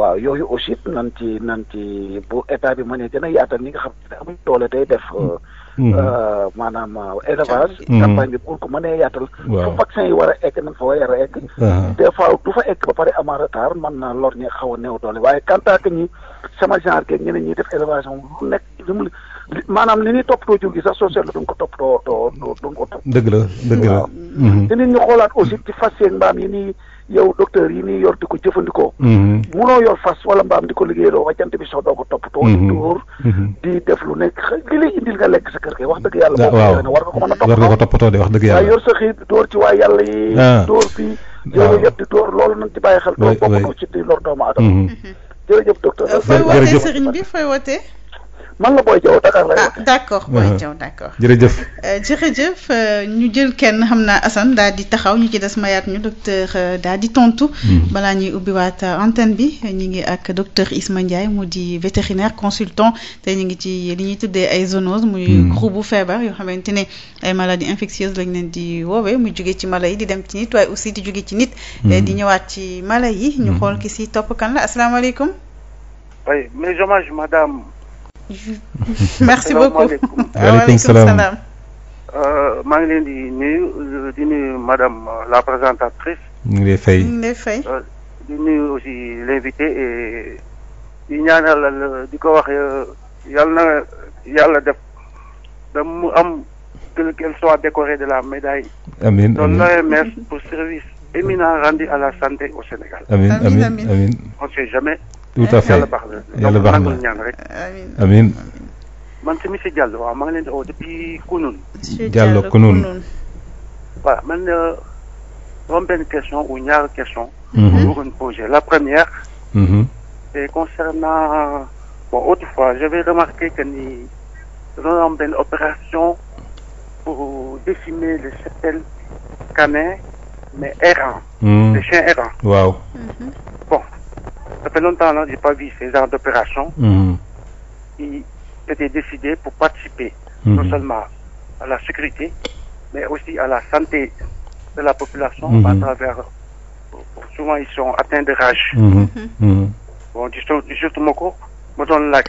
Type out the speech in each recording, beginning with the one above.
waaw yooyu aussi nan ci nan ci bu état bi mënee gën a yaatal ñi nga xam ne amuñ doole tey def. Mm. Euh, mm. Euh, maanaam euh, élevage. Mm. campagne bi pour ko mënee yaatal. waaw vaccin yi war a egg nan fa war a egg. Ah. des fois du fa egg ba pare ama retard man naa lor ñi xaw a néew doole waaye quant ñi sama genre keeg ñeneen ñi def élevage moom lu nekk maanaam li ñuy toppatoo jur gi sax soo seetlu duñ ko toppatoo doo doo duñ ko topp. dëgg la dëgg la. Mm-hmm. te nit ñi xoolaat aussi ci fas mbaam yow docteur yi nii yor di ko jëfandikoo. Mhm. munoo yor fas wala mbaam di ko liggéeyaloo ba jant bi soo doo ko toppatoo. di mhm. dóor mhm. di def lu nekk li lay indil nga lekk sa kër kay wax dëgg yàlla. waaw war nga ko mën a toppatoo wax dëgg yàlla. yor sa xëy dóor ci waa yàlla yi. Ah. dóor fii jërëjëf yëpp di loolu nañ ci bàyyi xel. doo bokk ci di lor doomu aadama. jërëjëf docteur. jërëjëf fooy wootee sëriñ bi fooy wootee man la Boy Diaw Dakar lay ah d' accord Boy uh-huh. Diaw d' accord. jërëjëf. Euh, jërëjëf euh, ñu jël kenn xam naa Assane daal di taxaw ñu ci des mayaat ñu docteur euh, daal di tontu. Mm-hmm. balaa ñuy ubbiwaat antenne bi ñu ngi ak docteur Isma Ndiaye mu di vétérinaire consultant te ñu ngi ci li ñuy tuddee ay zoonoses. muy mm-hmm. groupe bu feebar yoo xamante ne ay maladies infectieuses lañ leen di woowee mu jóge ci mala yi di dem ci nit waaye aussi di jóge ci nit. Mm-hmm. Eh, di ñëwaat ci mala yi. ñu xool ki si topp kan asalaamaaleykum. merci beaucoup ah, waaleykum salaam euh, maa ngi leen di nuyu di nuyu madame euh, la présentatrice. ñu ngi lay fay ñu ngi lay fay. Euh, di nuyu aussi l'invité et di ñaanal di ko wax yàlla na yàlla def da mu am que qu'elle soit décorée de la médaille. amiin amiin doon la remercier pour service. éminent rendu a la santé au Sénégal. amiin amiin amiin on sait jamais. tout à fait yàlla baax na yàlla baax na ñaan rek. man tamit si Diallo waaw maa ngi leen di woo depuis Kounoune. si Diallo Kounoune. voilà man euh, dafa benn question ou ñaari question. bu mhm. bëggoon poser la première. Mhm. c'est concernant bon autrefois j'avais remarqué que ni dañoo am le cheptel canin. mais errant. Mmh. des chiens errants. waaw. Mhm. bon ça fait longtemps là j'ai pas vu ces genres d'opération. qui hmm. étaient décidées pour participer. Hmm. non seulement à la sécurité mais aussi à la santé de la population. Hmm. à travers souvent ils sont atteints de rage. Mhm. bon justement ko ma doon laaj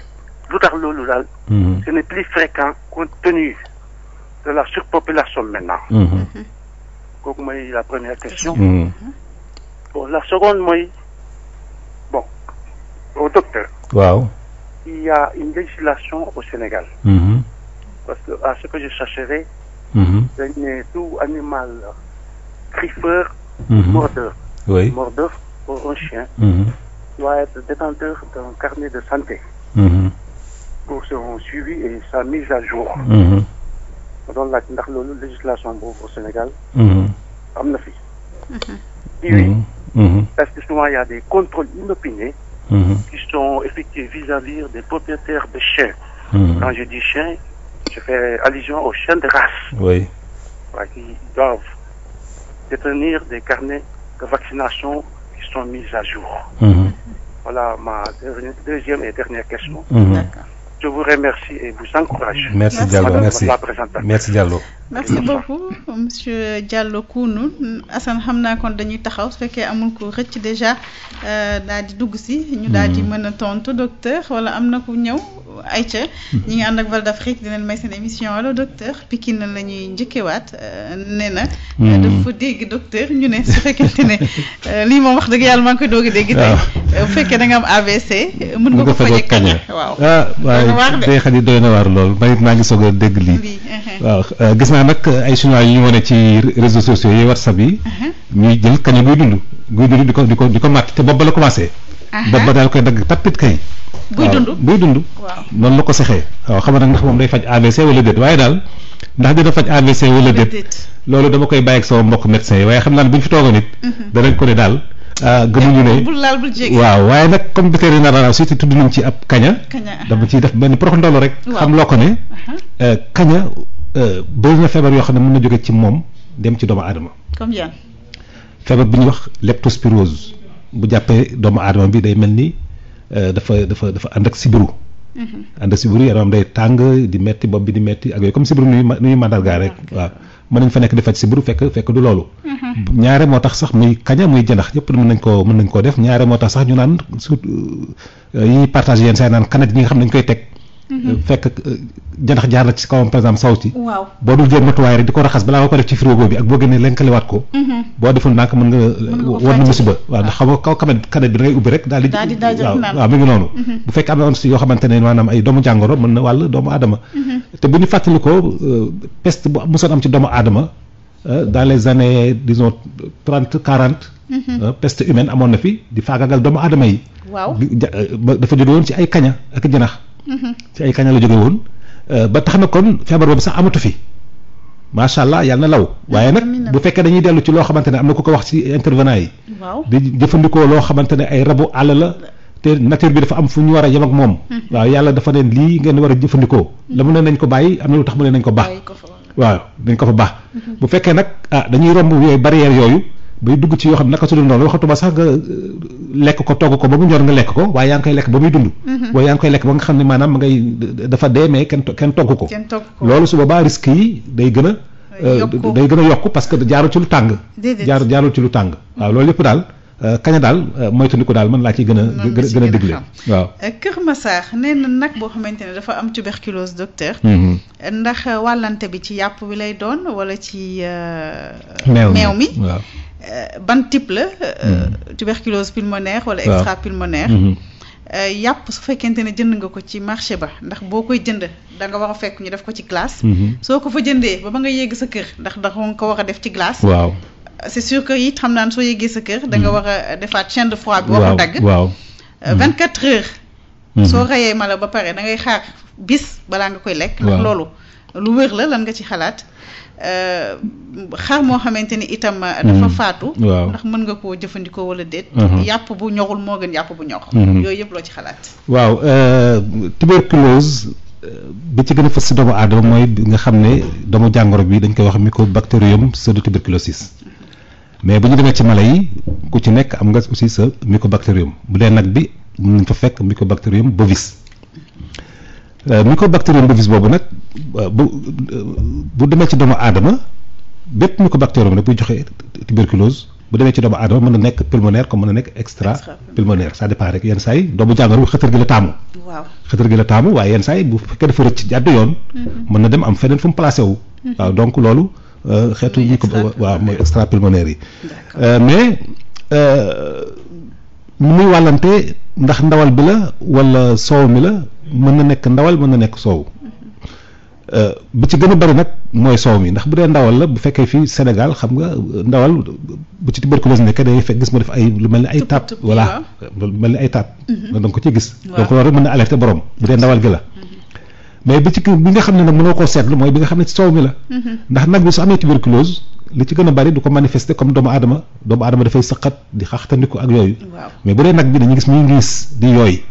lu tax loolu daal. ce n'est plus fréquent compte de la surpopulation maintenant. Mhm. kooku mooy la première question. Mm-hmm. bon la seconde mooy bon au docteur. waaw. il y a une législation au Sénégal. Mmh. parce que à ce que je chercherai. dañ ne tout animal griffeur. Mm-hmm. mordeur. oui mordeur pour un chien. Mm-hmm. doit être détenteur d'un carnet de santé. pour suivi et sa mise à jour. ma doon laaj ndax loolu législation boobu au Sénégal. am na fi. Mhm. yooyu. Mhm. Mhm. parce que souvent il des contrôles inopinés. qui sont effectués vis-à-vis des propriétaires de chiens. quand je dis chiens je allusion aux chiens de race. qui doivent détenir des carnets de vaccination qui sont mis à jour. voilà ma deuxième et dernière question. je vous remercie et vous encourage. merci Diallo merci mm. beaucoup monsieur Diallo Kounou Assane xam naa kon dañuy taxaw su fekkee amul ko rëcc déjà euh, daal di dugg si. ñu daal di mm. mën a tontu docteur wala am na ku ñëw ay ca mm. ñi nga ànd ak Val d'Afrique di leen may seen émission wala docteur Pikine na la ñuy njëkkewaat euh, ne na. Euh, dafa dégg docteur ñu ne su fekkente ne lii moom wax dëgg yàlla maa ngi koy doog a dégg. tey bu fekkee da am AVC. mën nga ko fajee kañ waaw. ah waaye tey xel yi doy na waar lool maa ngi Uh-huh. waaw euh, gis naa nag euh, ay chinois yu ñu wane ci réseaux sociaux yi whatsapp yi. Uh-huh. ñuy jël kañu guy dund guy dund di ko di ko di ko màtt te bopp ba la commencé. Uh-huh. bopp ba daal koy dagg tapit kay. guy dund guy dund. waaw noonu la ko saxee. waaw xam nag ndax moom day faj AVC wala déet waaye daal ndax dina faj AVC wala déet. loolu dama koy bàyyi ak sama mbokk médecin yi waaye xam naa ne bu fi toogoon it. danañ ko ne daal. ah euh, gënuñu ne bul laal bul jéggi waaw waaye nag comme bi tey naraanaaw si te tudd nañ ci ab kaña. kaña dama ciy def benn prox ndolo rek. xam loo ko ne. Euh, kaña euh, bëri feebar yoo xam ne mën na jóge ci moom dem ci doomu aadama. comme yan. feebar bi ñuy wax leptospirose bu jàppee doomu aadama bi day mel ni dafa dafa dafa ànd ak sibiru. Mhm. ànd ak sibiru yaramam day tàng di metti bopp bi di metti ak yooyu comme sibiru nu ñuy rek waaw. mën nañ fa nekk di faj si buru fekk fekk du loolu mm-hmm. ñaare moo tax sax muy kaña muy jëndax yëpp mën nañ koo mën nañ koo def ñaare moo tax sax ñu naan su euh, yi partage yenn saa naan kanet yi nga xam ne dañ koy teg Euh, mhm. fekk euh, janax jaar la ci kawam par exemple saw ci boo dul jël matuwaay rek di ko raxas balaa nga ko def ci frigo bi ak boo génnee lenkaliwaat ko mhm. boo deful nànk mën nga euh, war na musiba waaw ndax xam kaw kanet kanet bi da ngay ubbi rek daal di waaw waaw mu ngi noonu mhm. bu fekk am na on si yoo xamante ne maanaam ay doomu jàngoro mën na wàll doomu aadama te bu ñu fàttali ko peste bu mosoon am ci doomu aadama Euh, dans les années disons trente quarante. Mhm. Euh, peste humaine amoon na fi di faagagal doomu aadama yi. waaw euh, dafa jóge woon ci ay kaña ak janax. Mhm. ci ay kaña la jóge woon ba tax na kon feebar bi sax amatu fi macha allah yàlla na law. waaye nag bu fekkee dañuy dellu ci loo xamante ne am na ku ko wax ci intervenant yi. waaw di jëfandikoo loo xamante ne ay rabu àll la. te nature bi dafa am fu ñu war a yem ak moom. Mhm. waaw yàlla dafa leen lii ngeen war a jëfandikoo. la mu ne nañ ko bàyyi am na lu waaw dañ ko fa baax. bu fekkee nag ah dañuy romb yooyu barrière yooyu bay dugg ci yoo xam naka su dul noonu waxatuma sax nga euh, lekk ko togg ko ba mu ñor nga lekk ko waaye yaa ngi koy lekk ba muy dund. Mhm. waaye yaa ngi koy lekk ba nga xam ne maanaam ma ngay dafa dee mais kenn kenn togg ko. loolu suba boobaa risque yi day gën a. day euh, gën a yokk parce que jaarul ci lu tàng. jaarul jaarul ci lu tàng waaw loolu yëpp daal. Euh, kaña daal euh, ko daal mën laa ci gën a gën a digle waaw euh, Kër Massar nee na nag boo xamante ne dafa am tuberculose docteur mm-hmm. ndax wàllante bi ci yàpp bi lay doon wala ci meew mi waaw ban type la mm-hmm. tuberculose pulmonaire wala extra pulmonaire mm-hmm. yàpp su fekkente ne jënd nga ko ci marché ba ndax boo koy jënd da nga war a fekk ñu def ko ci glace soo ko fa jëndee ba ba nga yegg sa kër ndax da nga ko war a def ci glace waaw c' est sûr que it xam naan soo yeggee sa kër. da nga mm. war a defaat chaîne de froid bi. waaw waaw dagg euh, mm. 24 heures. Mm-hmm. soo rayee mala ba pare da ngay xaar bis balaa nga koy lekk. ndax loolu lu wér la lan nga ci xalaat. Euh, xar moo xamante ni itam. Euh, dafa mm-hmm. faatu. ndax mën nga koo jëfandikoo wala déet. Mm-hmm. yàpp bu ñorul moo gën yàpp bu ñor. yooyu yëpp loo ci xalaat. waaw tuberculose bi ci gën a fës si doomu aadama mooy nga xam ne doomu jàngoro bi dañ koy wax mycobacterium pseudotuberculosis. mais bu ñu demee ci mala yi ku ci nekk am nga aussi sa mycobacterium bu dee nag bi mën nañ fa fekk mycobacterium bovis euh, mycobacterium bovis boobu nag euh, euh, bu demee ci doomu aadama bépp mycobacterium rek buy joxe tuberculose bu demee ci doomu aadama mën na nekk pulmonaire comme mën na nekk extra pulmonaire ça dépend rek yenn saa yi doomu jàngoro xëtër gi la taamu waaw xëtër gi la taamu waaye yenn saa yi bu fekkee dafa rëcc jàdd yoon mm-hmm. mën na dem am feneen fu mu placé wu mm-hmm. donc loolu Euh, xeetu microbe waaw mooy extrapulmonaire yi euh, mais mu euh, muy wàllante ndax ndawal bi la walla soow mi la mën na nekk ndawal mën na nekk soow mm-hmm. bi ci gën a bari nag mooy soow mi ndax bu dee ndawal la bu fekkee fii Sénégal xam nga ndawal bu ci tuberculose nekkee day fekk gis mu def ay lu mel ni ay taat voilà lu mel ni ay taat mm-hmm. donc ko ci gis donc loolu mën na alerter borom bu dee ndawal gi la mm-hmm. mais bi ci bi nga xam ne nag mënoo koo seetlu mooy bi nga xam ne ci soow mi la. ndax nag bi su amee tuberculose li ci gën a bari du ko manifester comme doomu aadama doomu aadama dafay sëqat di xaxtandiku ak yooyu. mais bu dee nag bi dañu gis muy gis di yooy.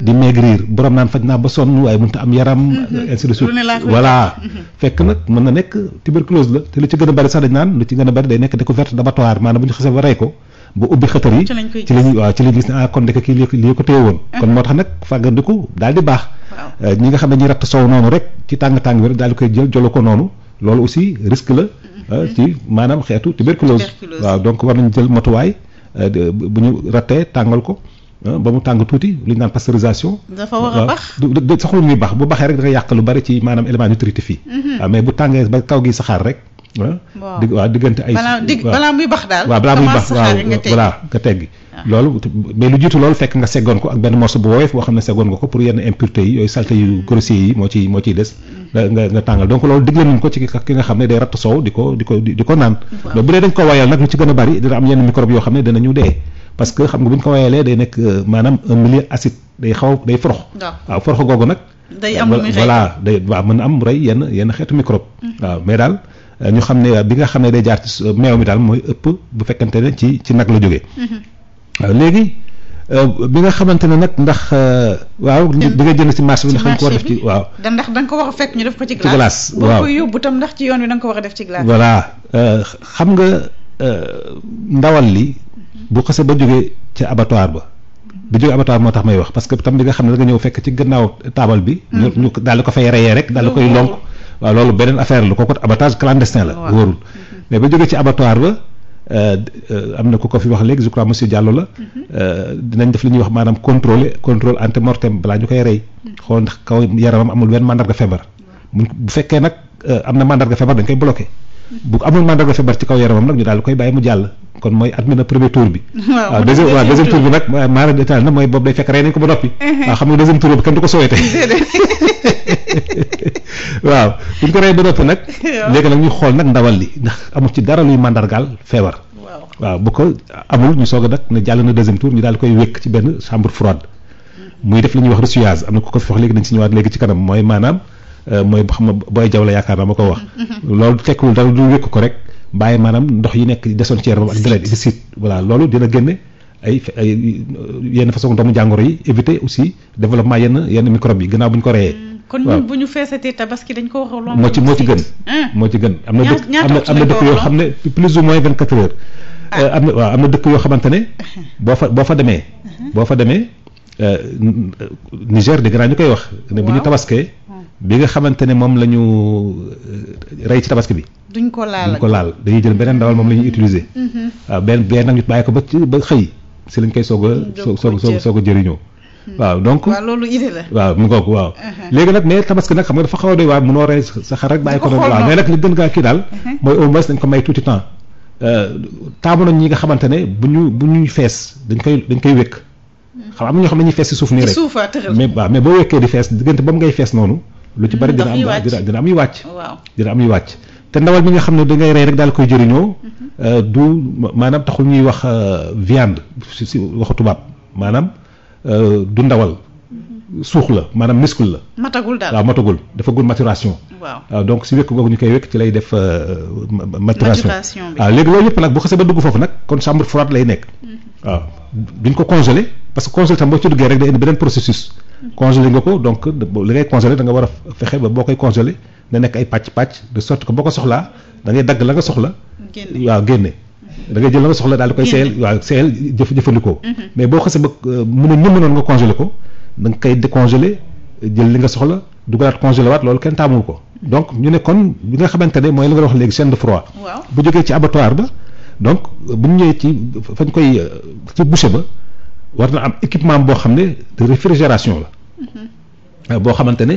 di maigrir borom naan faj naa ba sonn waaye mënut am yaram. Mm-hmm. ainsi de suite voilà. Mm-hmm. fekk nag mën na nekk tuberculose la te li ci gën a bari sax dañ naan lu ci gën a bari day nekk découverte d'abattoir ko. ba ubbi xëtër yi ci lañuy waaw ci lañ gis ne ah kon ndeke kii lii ko téye woon uh-huh. kon moo tax nag fàggandiku daal di baax uh, ñi nga xam ne ñuy ratt soow noonu rek ci tàng-tàng bi rek daal koy jël jolo ko noonu loolu aussi la uh-huh. uh, ci maanaam xeetu tuberculose waaw donc war nañ jël matuwaay uh, bu ñu rattee tàngal ko ba mu tàng tuuti li ñu naan pasteurisation. dafa war a bax saxul muy bax bu baxee rek dafay yàq lu bari ci maanaam élément nutritif yi. Uh-huh. Ah, mais bu tàngee ba kaw gi saxaar rek. waaw waaw diggante ay. balaa dig balaa muy bax daal. waaw balaa muy bax waaw voilà nga teggi ah. loolu mais lu jiitu fekk nga seggoon ko benn morceau bu woyof boo xam ne seggoon nga ko pour yenn impureté yi yooyu salté yu grossier yi moo mm. loolu digle ko ci ki nga xam ne day ratt ko di ko ko naan. mais bu dee dañ ko a bari dina am yenn microbe yoo xam ne danañu dee. parce que xam nga bu ñu ko wayalee day nekk euh, maanaam un milieu acide day xaw waaw forox am lu muy voilà day waaw mën na am rey yenn yenn xeetu microbe. Mm. waaw mais daal ñu xam ne bi nga xam ne day jaar ci meew mi daal mooy ëpp bu fekkante ne ci ci nag la jógee. Mm-hmm. Euh, waaw léegi euh, bi nga xamante ne nag ndax. Euh, waaw li nga jënd ci marché bi ndax. ko ci waaw. da ndax da ko war a fekk ñu def ko ci. glace ci glace waaw boo koy yóbbu tam ndax ci yoon wi da nga ko wax a def ci glace. voilà xam nga ndawal li mm-hmm. bu xasee ba jógee ci abattoir ba. bi jóge abattoir moo tax may wax parce que tam li nga xam ne da ñëw fekk ci gannaaw taabal bi. ñu mm-hmm. ñu daal ko fay reyee rek daal di koy lonk. waaw loolu beneen affaire la kooku abattage clandestin la. wóorul mm-hmm. mais ba jógee ci abattoir ba. Euh, euh, am na ku ko fi wax léegi je crois monsieur Diallo la. Mm-hmm. Euh, dinañ def li ñuy wax maanaam contrôler contrôle ante mortem balaa ñu koy rey. Mm-hmm. xool ndax kaw yaramam amul wenn mandarga feebar. bu fekkee nag am na mandarga feebar dañ koy bloqué. bu amul mandarga feebar ci kaw yaramam nag ñu daal koy bàyyi mu jàll kon mooy admis na premier tour bi waaw deuxième waaw tour bi nag maara détail na mooy boobu day fekk rey nañ ko ba noppi uh-huh. waaw xam nga deuxième tour bu ñu nag léegi nag ñu xool nag ndawal li ndax amul ci dara luy mandargaal feebar waaw bu ko amul ñu soog a nag ne jàll na deuxième tour ñu daal koy wékk ci benn chambre froide muy def li ñuy wax ressuyage am na ko ko fi wax léegi dañ si ci kanam mooy maanaam Euh, mooy xam nga booy jaw la yaakaar na ma ko wax. loolu tekkul dara du wékk ko rek bàyyi maanaam ndox yi nekk desoon ci yaramam ak deret di siit loolu dina génne ay ay yenn façon doomu jàngoro yi éviter aussi développement yenn yenn microbe yi gannaaw bu ñu ko reyee. Hmm, kon ñun bu tabaski dañ ko war a. moo ci moo ci gën. Ah. moo ci gën am na dëkk am na am na dëkk yoo xam ne plus ou moins vingt quatre heures. Ah. Euh, am na am na dëkk yoo xamante ne. boo fa boo fa demee. Uh-huh. boo fa demee euh, Niger dégg naa ñu koy wax. ne bu bi nga xamante ne moom la ñu euh, rey ci tabaski bi. duñ ko laal ko laal dañuy jël beneen dawal moom la ñuy utiliser. waaw mm-hmm. ah, benn benn nag ñu bàyyi ko ba ci ba xëy si lañ koy soog a. Mm-hmm. soog soog soog a jëriñoo. Mm-hmm. waaw donc waaw loolu idée la. mu ngoog waaw. Uh-huh. léegi nag mais tabaski nag xam dafa xaw a doy waar mënoo rey sa xar rek bàyyi ko noonu. waaw mais nag li gën gaa kii daal. Uh-huh. mooy au moins dañ ko may euh, nga xamante ne bu ñu bu ñuy fees dañ koy dañ koy wékk. xam am na ñoo xam ne dañuy fees si suuf nii rek. Ah, mais boo wékkee di fees diggante ba mu ngay fees noonu lu ci bari mm-hmm. dina am dina dina am yu wàcc. waaw dina am yu wàcc. te ndawal mi nga xam ne da ngay rey rek daal koy jëriñoo. Mm-hmm. Euh, du maanaam taxul ñuy wax euh, viande si si waxu tubaab maanaam euh, du ndawal. Mm-hmm. suux la maanaam miskul la. matagul daal waaw matagul dafa gul maturation. waaw donc si wekk googu ñu koy wekk ci lay def. maturation bi waaw léegi loolu yëpp nag bu xasee ba dugg foofu nag kon chambre froide lay nekk. waaw duñ ko congelé parce que congelé tam boo ci duggee rek day indi processus. congelé nga ko donc li ngay congelé da nga war a fexe ba boo koy congelé na nekk ay pàcc pàcc de sorte que boo ko soxlaa da ngay dagg la nga soxla. waaw génne. da ngay jël la nga soxla daal di koy. génne seeyal waaw seeyal mm-hmm. euh, a ñëw noonu nga congelé ko da nga koy décongelé jël li nga soxla dugalaat congelé waat loolu kenn taamul ko. Mm-hmm. donc ñu ne kon bi nga xamante mooy li nga wax léegi chaîne de froid. bu jógee ci abattoir ba donc bu ñu ñëwee ci fañ koy euh, ci boucher ba. war na am équipement boo xam ne de réfrigération la. Mhm. Ah, boo xamante ne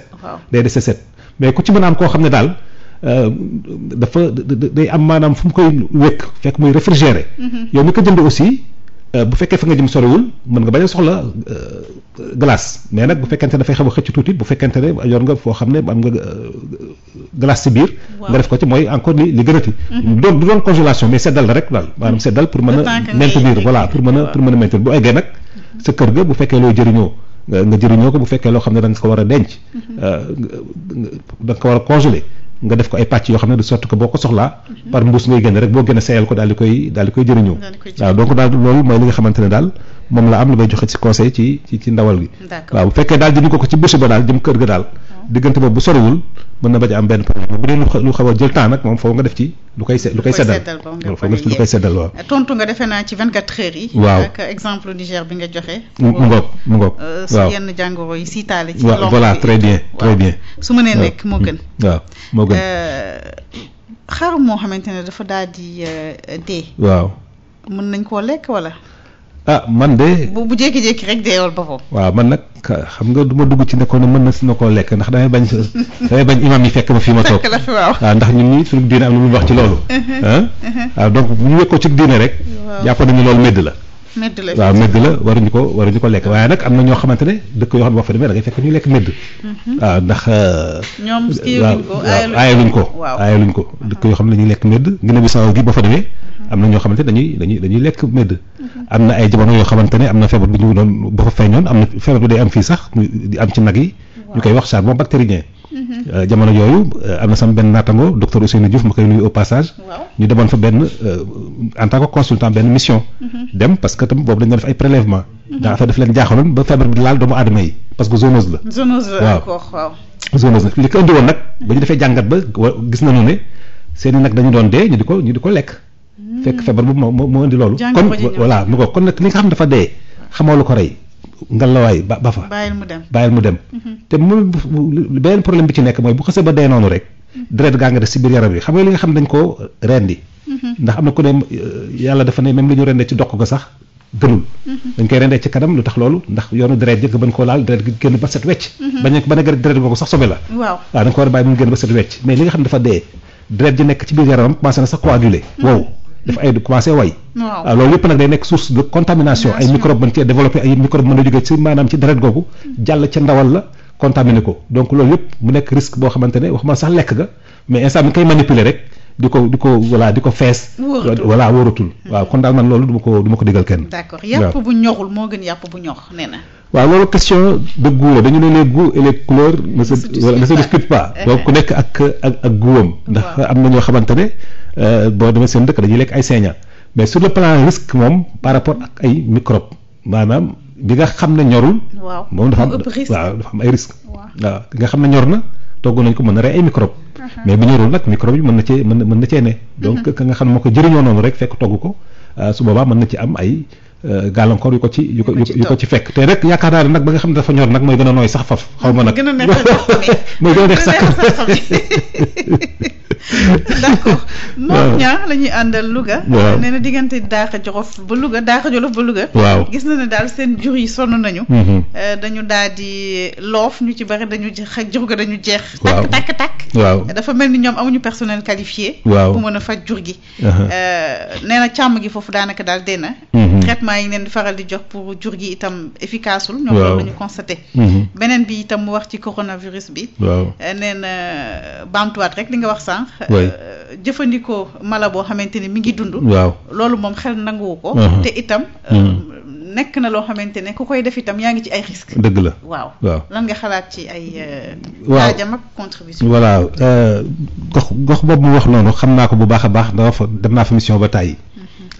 set day dese set mais ku ci mën a am koo xam ne daal euh, dafa day am maanaam fu mu koy wékk fekk muy réfrigéré mm-hmm. yow mi ko jënd aussi euh, bu fekkee fa nga jëm soriwul mën nga bañ a soxla euh, glace mais nag bu fekkente ne dafay xaw a xëcc tuuti bu fekkente ne yor nga foo ne am nga glace si biir. nga def ko ci mooy encore li li gënati. Mm-hmm. doon du doon congélation mais seddal la rek daal maanaam mm-hmm. seddal pour mën a maintenir voilà pour mën a pour a maintenir bu eggee nag sa kër ga bu fekkee looy jëriñoo. nga jëriñoo ko bu fekkee loo xam ne da nga ko war a denc. da mhm. euh, nga ko war a congelé nga def ko ay pàcc yoo xam ne de sorte que boo ko soxlaa. Mhm. par mbuus ngay génne rek boo génne seeyal ko daal di koy daal di koy jëriñoo. waaw donc daal loolu mooy li nga xamante ne daal. moom la am lu may joxe ci conseil ci ci ci ndawal gi. waaw bu fekkee daal jëm ko ko ci bés ba daal jëm kër ga daal. diggante boobu bu sorewul mën na bañ a am benn problème bu lu xaw a jël temps nag moom foo nga def ci lu koy. lu koy seddal foofu nga def ci lu koy seddal waaw. tontu nga defe naa ci 24 heures yi. waaw exemple Niger bi nga joxe. mu ngoog mu ngoog euh, waaw si yenn jàngoro yi siitaale. ci loxo voilà très bien très bien. su mënee nekk moo gën. Mm. waaw moo gën. Euh, xarum moo xamante ne dafa daal di euh, dee. waaw mën nañ koo lekk wala ah man de. bu bu jékki-jékki rek deewal boppam. waaw man nag xam nga duma dugg ci ne ne mën na si na koo lekk ndax damay bañ damay bañ imam yi fekk ma fi ma toog waaw ah, ndax ñun ñii suñu diine am na lu ñu wax ci loolu. Mhm. Ah? Mhm. ah donc bu ñu wekkoo ci diine rek. waaw jàpp nañu loolu médd la. medd waaw medd la waruñu ko waruñu ko lekk waaye nag am na ñoo xamante ne dëkk yoo xam ne boo fa demee da fekk ñuy lekk medd. Mhm. waaw ndax. Euh, ñoom kiiwuñ ko aayaluñ ko waaw ko dëkk yoo xam ne dañuy lekk medd Guinée Bissau gi boo fa demee. am na ñoo xamante ne dañuy dañuy dañuy lekk medd. Mhm. am na ay jamono yoo xamante ne am na feebar bu ñu doon boo fa feeñoon am na feebar bu day am fii sax di am ci nag yi. ñu koy wax charbon bactérien Mm-hmm. Euh, jamono yooyu euh, am na sama benn naatango docteur Ousseynou Diouf ma koy nuyu au passage. ñu demoon fa benn euh, en tant que consultant benn mission. Mm-hmm. dem parce que tam boobu dañu def ay prélèvement mm-hmm. daa fa def leen jaaxaloon ba feebar bi laal doomu aadama yi parce que zoonose la. zoonose la encore waaw zoonose li ko indi woon nag. ba ñu defee jàngat ba gis nañu ne seen nag dañu doon dee ñu di ko ñu di ko lekk. Mm. fekk feebar bu moo moo indi loolu. kon voilà mu ko kon nag li nga xam dafa dee xamoo lu ko rey. ngalawaay ba ba fa. bàyyil mu dem bàyyil mu dem. Mhm. te moom beneen problème bi ci nekk mooy bu xasee ba dee noonu rek. Mhm. deret gaa nga des si biir yaram yi xam nga li nga xam ne mhm. dafa a a la. waaw waaw da nga ko war a bàyyi mu génn ba set wecc dee deret ji nekk ci biir yaramam commencé na sax coagulé wow def ay commencé way waaw ah, loolu yëpp nag day nekk source de contamination ay microbe mën cee développé ay microbe mën a jóge ci maanaam ci deret googu jàll ca ndawal la contaminé ko donc loolu yëpp mu nekk risque boo xamante ne wax ma sax lekk ga mais instant bi kay manipuler ko di ko voilà di ko fees voilà wóoratul waaw kon daal man loolu du ko du ma ko digal kenn d'accord yàpp bu ñoxul moo gën yàpp bu ñox nee na waaw loolu question de dañu ne les goûts et les couleurs ne se ne se discute pas donc ku nekk ak ak ndax am na ñoo xamante ne Euh, boo demee seen ndëkk dañuy lekk ay seeña mais su le plan risque moom par rapport ak ay microbe maanaam bi nga xam ne ñorul. waaw moom dafa am waaw am ay risque waaw bi nga xam ne ñor na togg nañ ko mën na rey ay microbe uh-huh. mais bu ñorul nag microbe yi mën na cee mën na mën na cee ne. Uh-huh. donc ka nga xam ne moo ko jëriñoo noonu rek fekk togg ko ah, su boobaa mën na ci am ay. Euh, gàllankoor yu ko ci ko yu ci fekk te rek yaakaar naa ne nag ba nga xam ne dafa ñor nag mooy gën a nooy sax faf xaw ma nag mooy gën a neex sax d'accord moom ñaa la ñuy àndal Louga waaw nee na diggante Daaka Jolof ba Louga Daaka Jolof ba Louga waaw gis na ne daal seen jur yi sonn nañu mm-hmm. euh, dañu daal di loof ñu ci bari dañu xaj jur ga dañu jeex takk takk takk waaw dafa mel ni ñoom amuñu personnel qualifié waaw bu mën a faj jur gi uh-huh. euh, nee na càmm gi foofu daanaka daal dee na mm-hmm. traitement maa yi ngeen di faral di jox pour jur gi itam efficace wul. ñoom loolu la ñu constaté. Mhm. beneen bi itam mu wax ci coronavirus bi. waaw euh, nee na euh, rek li nga wax sànq. Euh, jëfandikoo mala boo xamante ni mi ngi dund. waaw loolu moom xel nanguwu ko. Mhm. te itam. Mhm. nekk na loo xamante ne ku koy def itam yaa ngi ci ay risques. dëgg la waaw waaw lan nga xalaat ci ay. waaw jaajam ak contribution. voilà gox gox boobu mu wax noonu xam naa ko bu baax a baax dafa dem naa fa mission ba tàyyi.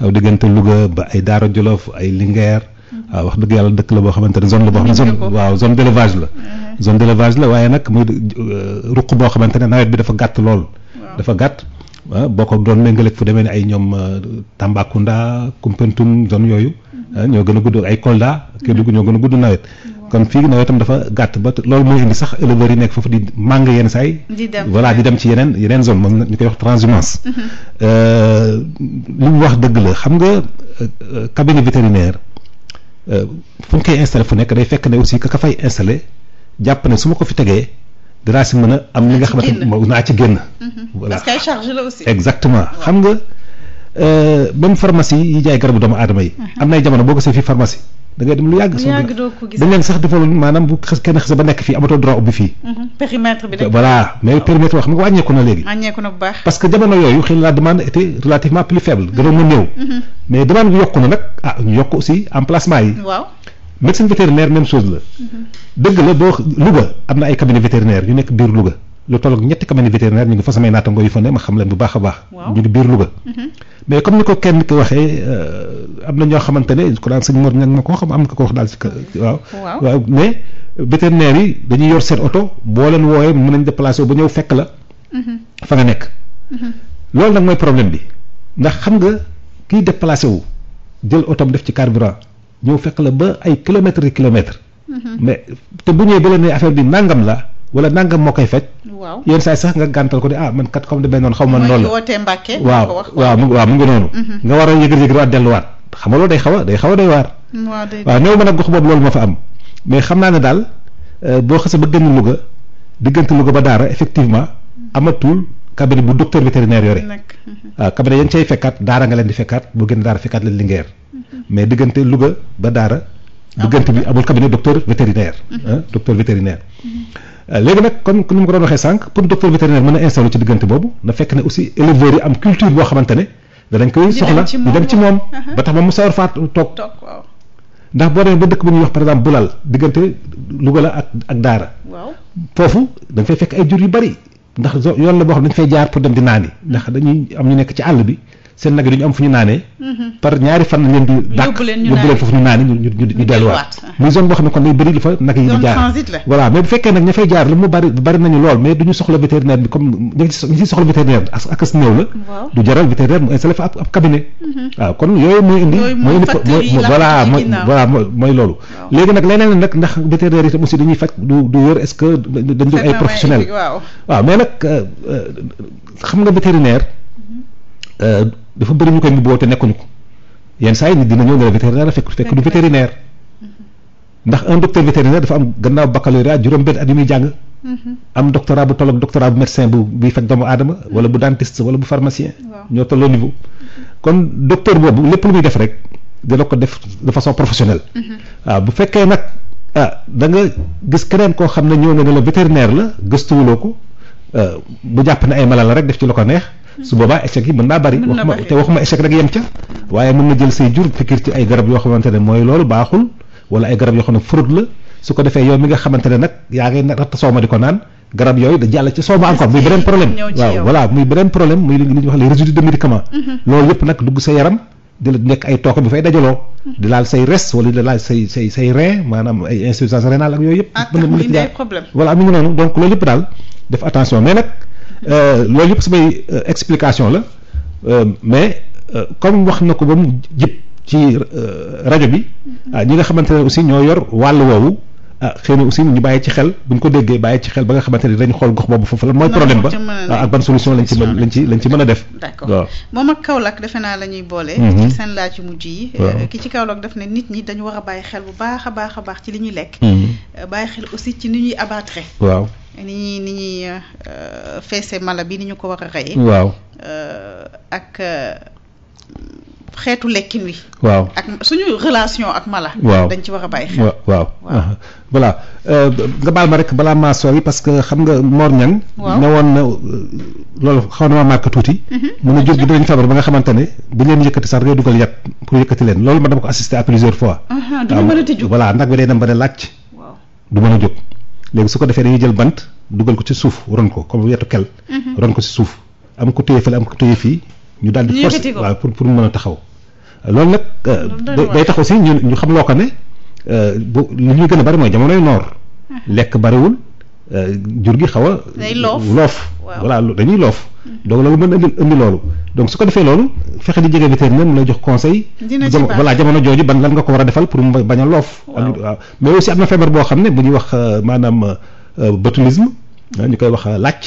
waaw diggante Louga ba ay Daara Jolof ay Linguère waaw mm-hmm. wax dëgg yàlla dëkk la boo xamante ne zone la boo xam ne zone waaw zone d'élevage la mm-hmm. zone d'élevage la waaye nag muy euh, ruq boo xamante ne nawet bi dafa gàtt lool dafa gàtt ah boo ko doon méngaleeg fu demee ne ay ñoom euh, Tambacounda Koumpentoum zone yooyu mm-hmm. ah, ñoo gën a gudd ay Kolda Kédougou ñoo gën a gudd nawet kon fii nawetam dafa gàtt ba loolu mooy indi sax éleveurs yi nekk foofu di màng yenn saay voilà di dem ci yeneen yeneen zone moom ñu koy wax transhumance mm-hmm. euh, li mu wax dëgg la xam nga euh, euh, cabinet vétérinaire fu ñu koy installé fu nekk day fekk ne aussi ka fay installé jàpp ne su ma ko fi tegee dinaa si mën a am li nga xamante naa ci génn mm-hmm. voilà exactement xam nga Euh, même pharmacie yi jaay garabu doomu aadama yi. Uh-huh. am na ay jamono boo gisee a pharmacie da ngay dem lu yàgg. lu yàgg doo ko gis maanaam bu xas kenn xas ba nekk fii amatoo droit ubbi fii. Uh-huh. périmètre bi dañ voilà mais périmètre wax na léegi. wàññeeku na bu parce que jamono yooyu xëy na la demande était relativement uh-huh. yokku na nag ah ñu yokk aussi emplacement yi. waaw médecine vétérinaire même la. dëgg la boo Louga am na ay cabinet vétérinaire yu nekk biir Louga lu tolloog ñetti cabinet vétérinaire ñu ngi fa samay naataangoo yu fa ne ma xam leen bu baax a baax. ñu ngi biir Louga. Mm-hmm. mais comme ni ko kenn ki waxee euh, am na ñoo xamante ne ku daan sëñ Mor ña ma ko xam am na ko wax daal si kër waaw. waaw mais vétérinaire yi dañuy yor seen oto boo leen wooyee mën nañ déplacé ba ñëw fekk la. Mm-hmm. fa nga nekk. Mm-hmm. loolu nag mooy problème bi ndax xam nga kiy déplacé wu jël otoom def ci carburant ñëw fekk la ba ay kilomètres yi kilomètres. mais te bu ñëwee ba leen ne affaire bi nangam la. wala nangam moo koy faj. waaw yenn saa sax nga gàntal ko de ah man kat comme de benn noonu xaw ma noonu la waaw waaw mu waaw ngi noonu. Mhm. nga war a yëgër-yëgër waat delluwaat xam nga loolu day xaw a day xaw a day waar. waaw néew ma a gox boobu loolu ma fa am mais xam naa ne daal euh, boo xasee ba génn Louga diggante Louga ba Daara effectivement amatul cabinet bu docteur vétérinaire yore. waaw mhm. ah, cabinet yan cay fekkaat Daara nga leen di fekkaat boo génn Daara fekkaat leen Linguère mhm. mais diggante Louga ba Daara. diggante bi amul cabinet docteur vétérinaire. docteur vétérinaire. léegi nag kon nu ma ko doon waxee sànq pour docteur vétérinaire mën a installé ci diggante boobu na fekk ne aussi éleveurs yi am culture boo xamante ne danañ koy soxla di dem ci moom ba tax moom mu sawar faat toog ndax boo demee ba dëkk ba ñuy wax par exemple Bulal diggante Louga la ak ak Daara foofu dañ fay fekk ay jur yu bari ndax yoon la boo xam ne dañ fay jaar pour dem di naani ndax dañuy am ñu nekk ci àll bi seen nag yi dañu am fu ñu naanee. Mhm. par ñaari fan lañ leen di. dàq yóbbu leen ñu naanee foofu ñu naanee ñu ñu ñu delluwaat. muy zone boo xam ne kon day bëri fa nag yi di jaar transit la voilà mais bu jaar lu mu bari bari nañu lool mais duñu soxla vétérinaire bi comme ñi ci soxla vétérinaire ak as néew la. du jaral vétérinaire mu installé fa ab cabinet. Mhm. waaw kon yooyu mooy indi. mooy indi voilà mooy loolu. léegi nag leneen nag ndax vétérinaire yi si aussi ñuy faj du du wër est-ce que dañ dul ay professionnel waaw mais nag euh, euh, xam nga vétérinaire mhm. euh, dafa bëri ñu koy mu boote nekkuñu ko yenn saa yi nit dina ñëw ne la vétérinaire la fekk fekk du vétérinaire ndax un docteur vétérinaire dafa am gannaaw baccalauréat juróom-benn at yu muy jàng mm-hmm. am doctorat bu tolloog doctorat bu médecin bu buy faj doomu aadama mm-hmm. wala bu dentiste wala bu pharmacien ñoo tolloo niveau kon docteur boobu lépp lu muy def rek dina ko def de façon professionnelle waaw mm-hmm. ah, bu fekkee nag ah da nga gis keneen koo xam ne ñëw na ne la vétérinaire la ko bu jàpp ne ay mala la rek def ci lu ko neex. su boobaa échec yi mën naa bari. waxuma te waxuma échec rek yem ca. waaye mën na jël say jur fikir ci ay garab yoo xamante ne mooy loolu baaxul wala ay garab yoo xam ne fraude la su ko defee yow mi nga xamante ne nag yaa ngi ratt soow ma di ko naan garab yooyu da jàll ci soow ma encore muy beneen problème waaw voilà muy beneen problème muy li ñuy wax les résidus mm-hmm. loolu yëpp nag dugg sa yaram di la nekk ay tooke bu fay dajaloo. di laal say res wala di laal say say say rein maanaam ay insuffisance rénale ak yooyu yëpp. mën na mën problème voilà noonu donc loolu yëpp daal def attention mais nag euh, loolu yëpp samay euh, explication la euh, mais comme wax na ko ba mu jib ci rajo bi. Mm-hmm. Ah, ñi nga xamante ne aussi ñoo yor wàll woowu. ah xëy na aussi ñu bàyyi ci xel bu ñu ko déggee bàyyi ci xel ba nga xamante ne dañu xool gox boobu foofu la mooy problème ba ah, ak ban solution lañ ci mën lañ ci mën a def d'accord waaw moom ak defe naa la ñuy boole mhm. ci seen laaj yu mujj yi euh, ki ci Kaolack daf ne nit ñi dañu war a bàyyi xel bu baax a baax a baax ci li ñuy lekk mhm. euh, bàyyi xel aussi ci ni ñuy abattre waaw ni ñuy ni ñuy euh, feese mala bi ni ñu ko war a reyee waaw ak xeetu lekkin wi. waaw ak suñu relation ak mala. waaw dañ ci war a bàyyi xel. waaw waaw euh, nga baal ma rek balaa maa sori parce que xam nga Mor Niang. waaw ne woon na euh, loolu xaw na ma màkk tuuti. Mhm. mun a jóg bu dinañ feebar ba nga xamante ne bu leen yëkkati sax day dugal yat pour yëkkati leen loolu ma dama ko assister à plusieurs fois. du ñu mën a tëju voilà nag bi day dem ba ne laaj. du mën a jóg léegi su ko defee dañuy jël bant dugal ko ci suuf ron ko comme kel. Mhm. ron ko suuf am ko fii. ñu daal di force waaw pour pour mën a taxaw loolu nag euh, day taxaw si ñu ñu xam loo ko ne euh, bu li ñuy gën a bari mooy jamonoy noor hmm. lekk bariwul euh, jur gi xaw a loof voilà dañuy loof hmm. donc loolu mën indi indi loolu donc su ko defee loolu fexe di jege vétérinaire mu lay jox conseil voilà jamono jooju ban lan nga ko war a defal pour mu bañ a loof waaw mais aussi am na feebar boo xam ne bu ñuy wax maanaam botulisme ñu koy wax laaj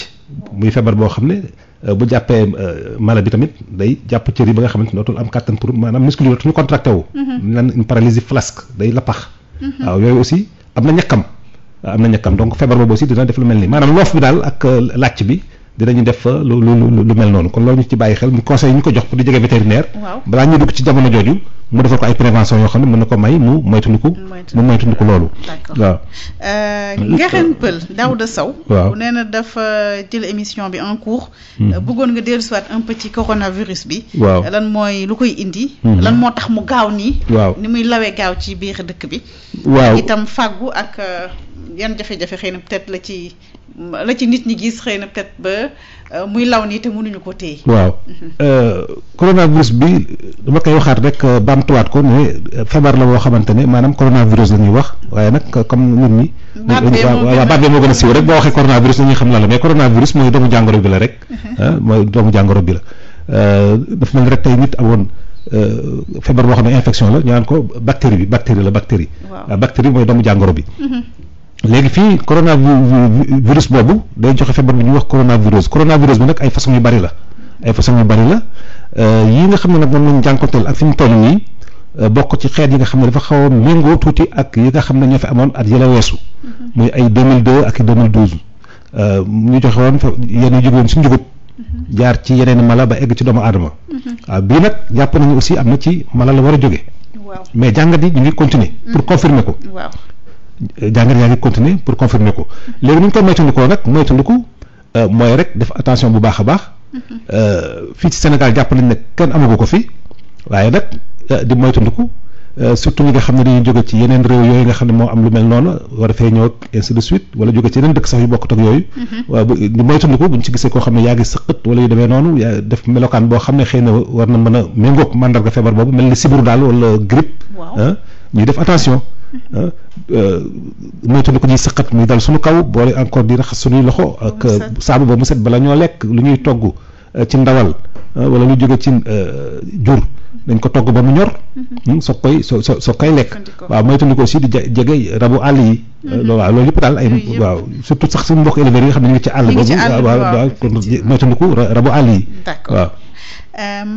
muy feebar boo xam ne Euh, bu jàppee euh, mala bi tamit day jàpp cër yi ba nga xamante ni am kàttan pour maanaam muscle yi dootuñu contracté wu. Mhm. naan une paralysie flasque day lappax. Mhm. waaw yooyu aussi am na ñàkkam am na ñàkkam donc feebar boobu aussi dina def lu mel nii maanaam loof bi daal ak euh, làcc bi. dinañu def lu lu lu mel noonu kon loolu ñu ci bàyyi xel ñu conseil ñu ko jox pour di jege vétérinaire. waaw balaa ñuy dugg ci jamono jooju. mu defal ko ay prévention yoo xam ne mën na ko may mu moytandiku. mu moytandiku loolu. d'accord waaw. Euh, Ngexen Pël Daouda Sow. waaw nee na dafa jël émission bi en cours. Hmm. Euh, bëggoon nga dellusiwaat un peu ci coronavirus bi. waaw lan mooy lu koy indi. Hmm. lan moo tax mu gaaw nii. waaw ni muy lawee gaaw ci biir dëkk bi. waaw itam fàggu ak euh, yan jafe-jafe xëy na peut la ci. la ci nit ñi gis xëy na peut-être ba euh, muy law nii te mënuñu ko téye. waaw mhm. euh, coronavirus bi dama koy waxaat rek euh, baamtuwaat ko mais feebar la boo xamante ne maanaam coronavirus la ñuy wax waaye nag comme nit ñi. waaw baat bi moo gën a siiw rek boo waxee coronavirus la ñuy xam lan la mais coronavirus mooy doomu jàngoro bi la rek. Mhm. Ah, mooy doomu jàngoro bi la dafa mel rek tey nit amoon. feebar boo xam ne infection la ñu naan ko bactérie bi bactérie la bactérie. waaw ah, bactérie mooy doomu jàngoro bi. Mhm. léegi fii coronavirus boobu day joxe feebar bi ñuy wax coronavirus coronavirus bi nag ay façon yu bari la ay façon yu bari la euh, yi nga xam ne nag moom lañ jànkonteel ak fi mu toll nii euh, bokk ci xeet yi nga xam ne dafa xaw a méngoo tuuti ak yi nga xam ne ñoo fi amoon at yële weesu mm-hmm. muy ay 2002 ak 2012 euh, ñu joxe woon yenn yu jógoon si njugub mm-hmm. jaar ci yeneen mala ba egg ci doomu aadama mm-hmm. waaw bii nag jàpp nañu aussi am na ci mala la war a jóge mais jàngat yi ñu ngi continuer pour confirmer ko jàngat yaa ngi continuer pour confirmer ko léegi ni ñu koy moytandikoo nag moytandiku euh, mooy rek def attention bu baax a baax mm-hmm. euh, fii ci Sénégal jàpp nañ ne kenn amugu ko fi waaye nag euh, di moytandiku surtout ñi nga xam ne dañuy jóge ci yeneen réew yooyu nga xam ne moo am lu mel noonu war a fee ñëw ak ainsi de suite wala jóge ci yeneen dëkk sax yu bokkut ak yooyu. Mm-hmm. waaw bu di moytandiku buñ ci gisee koo xam ne yaa ngi sëqët wala yu demee noonu yaa melokaan boo xam ne xëy na war na mën a méngóog mandarga feebar boobu mel ni sibiru daal wala grippe. waaw ah, ñuy def attention. Euh, euh, moytandi ko ñuy saqat muy dal suñu kaw boole encore di raxas suñuy loxo ak euh, saabu ba mu set bala ñoo lekk lu ñuy togg ci ndawal wala lu jóge ci jur dañ ko togg ba mu ñor mm-hmm. hmm, soo koy soo soo soo koy lekk waaw moytandi ko aussi di jege rabu àll yi mm-hmm. waaw loolu ay waaw surtout sax suñu mbokk éleveurs yi xam ne ñu ci àll boobu waaw waaw kon moytandi ko rabu àll yi waaw